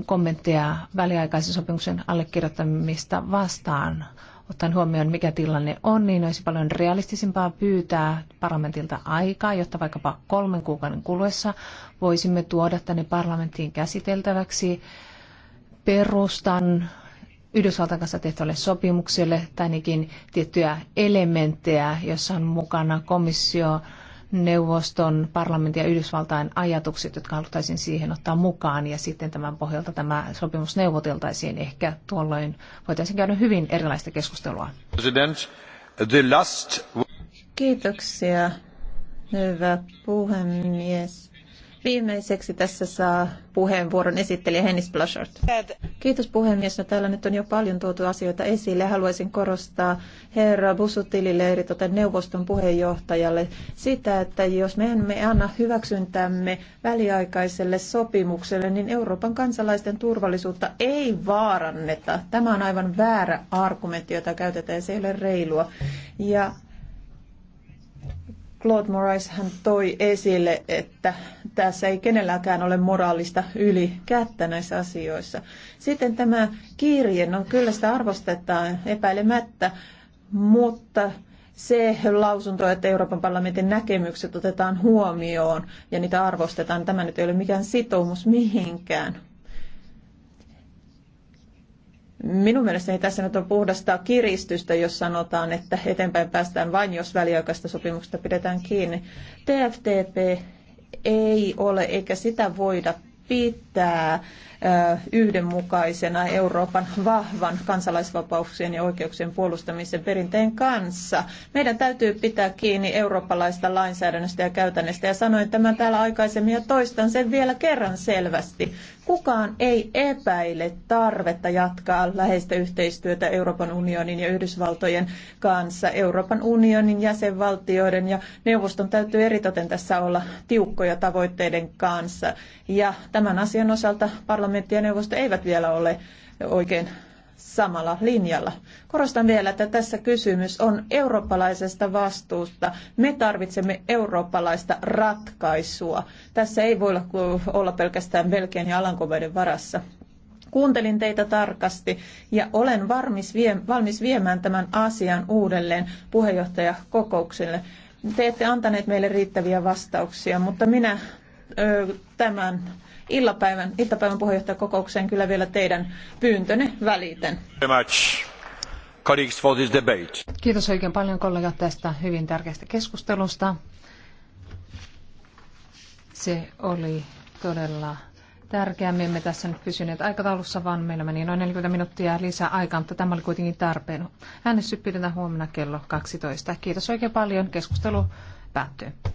S2: kommentteja väliaikaisen sopimuksen allekirjoittamista vastaan. Ottaen huomioon, mikä tilanne on, niin olisi paljon realistisempaa pyytää parlamentilta aikaa, jotta vaikkapa kolmen kuukauden kuluessa voisimme tuoda tänne parlamenttiin käsiteltäväksi perustan Yhdysvaltain kanssa tehtävälle sopimukselle tai tiettyjä elementtejä, jossa on mukana komissio neuvoston, parlamentin ja Yhdysvaltain ajatukset, jotka haluttaisiin siihen ottaa mukaan. Ja sitten tämän pohjalta tämä sopimus neuvoteltaisiin. Ehkä tuolloin voitaisiin käydä hyvin erilaista keskustelua. Kiitoksia, hyvä
S4: puhemies. Viimeiseksi tässä saa puheenvuoron esittelijä Hennis Blashard. Kiitos puhemies. No, täällä nyt on jo paljon tuotu asioita esille. Haluaisin korostaa herra Busutilille, eritoten neuvoston puheenjohtajalle, sitä, että jos me emme anna hyväksyntämme väliaikaiselle sopimukselle, niin Euroopan kansalaisten turvallisuutta ei vaaranneta. Tämä on aivan väärä argumentti, jota käytetään. Se ei ole reilua. Ja Claude Morais hän toi esille, että tässä ei kenelläkään ole moraalista yli kättä näissä asioissa. Sitten tämä kirje, no kyllä sitä arvostetaan epäilemättä, mutta se lausunto, että Euroopan parlamentin näkemykset otetaan huomioon ja niitä arvostetaan, tämä nyt ei ole mikään sitoumus mihinkään. Minun mielestäni tässä nyt on puhdasta kiristystä, jos sanotaan, että eteenpäin päästään vain, jos väliaikaista sopimuksesta pidetään kiinni. TFTP ei ole, eikä sitä voida pitää yhdenmukaisena Euroopan vahvan kansalaisvapauksien ja oikeuksien puolustamisen perinteen kanssa. Meidän täytyy pitää kiinni eurooppalaista lainsäädännöstä ja käytännöstä ja sanoin tämän täällä aikaisemmin ja toistan sen vielä kerran selvästi. Kukaan ei epäile tarvetta jatkaa läheistä yhteistyötä Euroopan unionin ja Yhdysvaltojen kanssa. Euroopan unionin jäsenvaltioiden ja neuvoston täytyy eritoten tässä olla tiukkoja tavoitteiden kanssa. Ja tämän asian osalta parlamentti parlamentti ja neuvosto eivät vielä ole oikein samalla linjalla. Korostan vielä, että tässä kysymys on eurooppalaisesta vastuusta. Me tarvitsemme eurooppalaista ratkaisua. Tässä ei voi olla pelkästään Belgian ja Alankomaiden varassa. Kuuntelin teitä tarkasti ja olen valmis viemään tämän asian uudelleen puheenjohtajakokoukselle. Te ette antaneet meille riittäviä vastauksia, mutta minä tämän illapäivän, iltapäivän puheenjohtajakokoukseen
S2: kyllä vielä teidän pyyntönne välitän. Kiitos oikein paljon kollegat tästä hyvin tärkeästä keskustelusta. Se oli todella tärkeää. Me emme tässä nyt pysyneet aikataulussa, vaan meillä meni noin 40 minuuttia lisää aikaa, mutta tämä oli kuitenkin tarpeen. Äänestys pidetään huomenna kello 12. Kiitos oikein paljon. Keskustelu päättyy.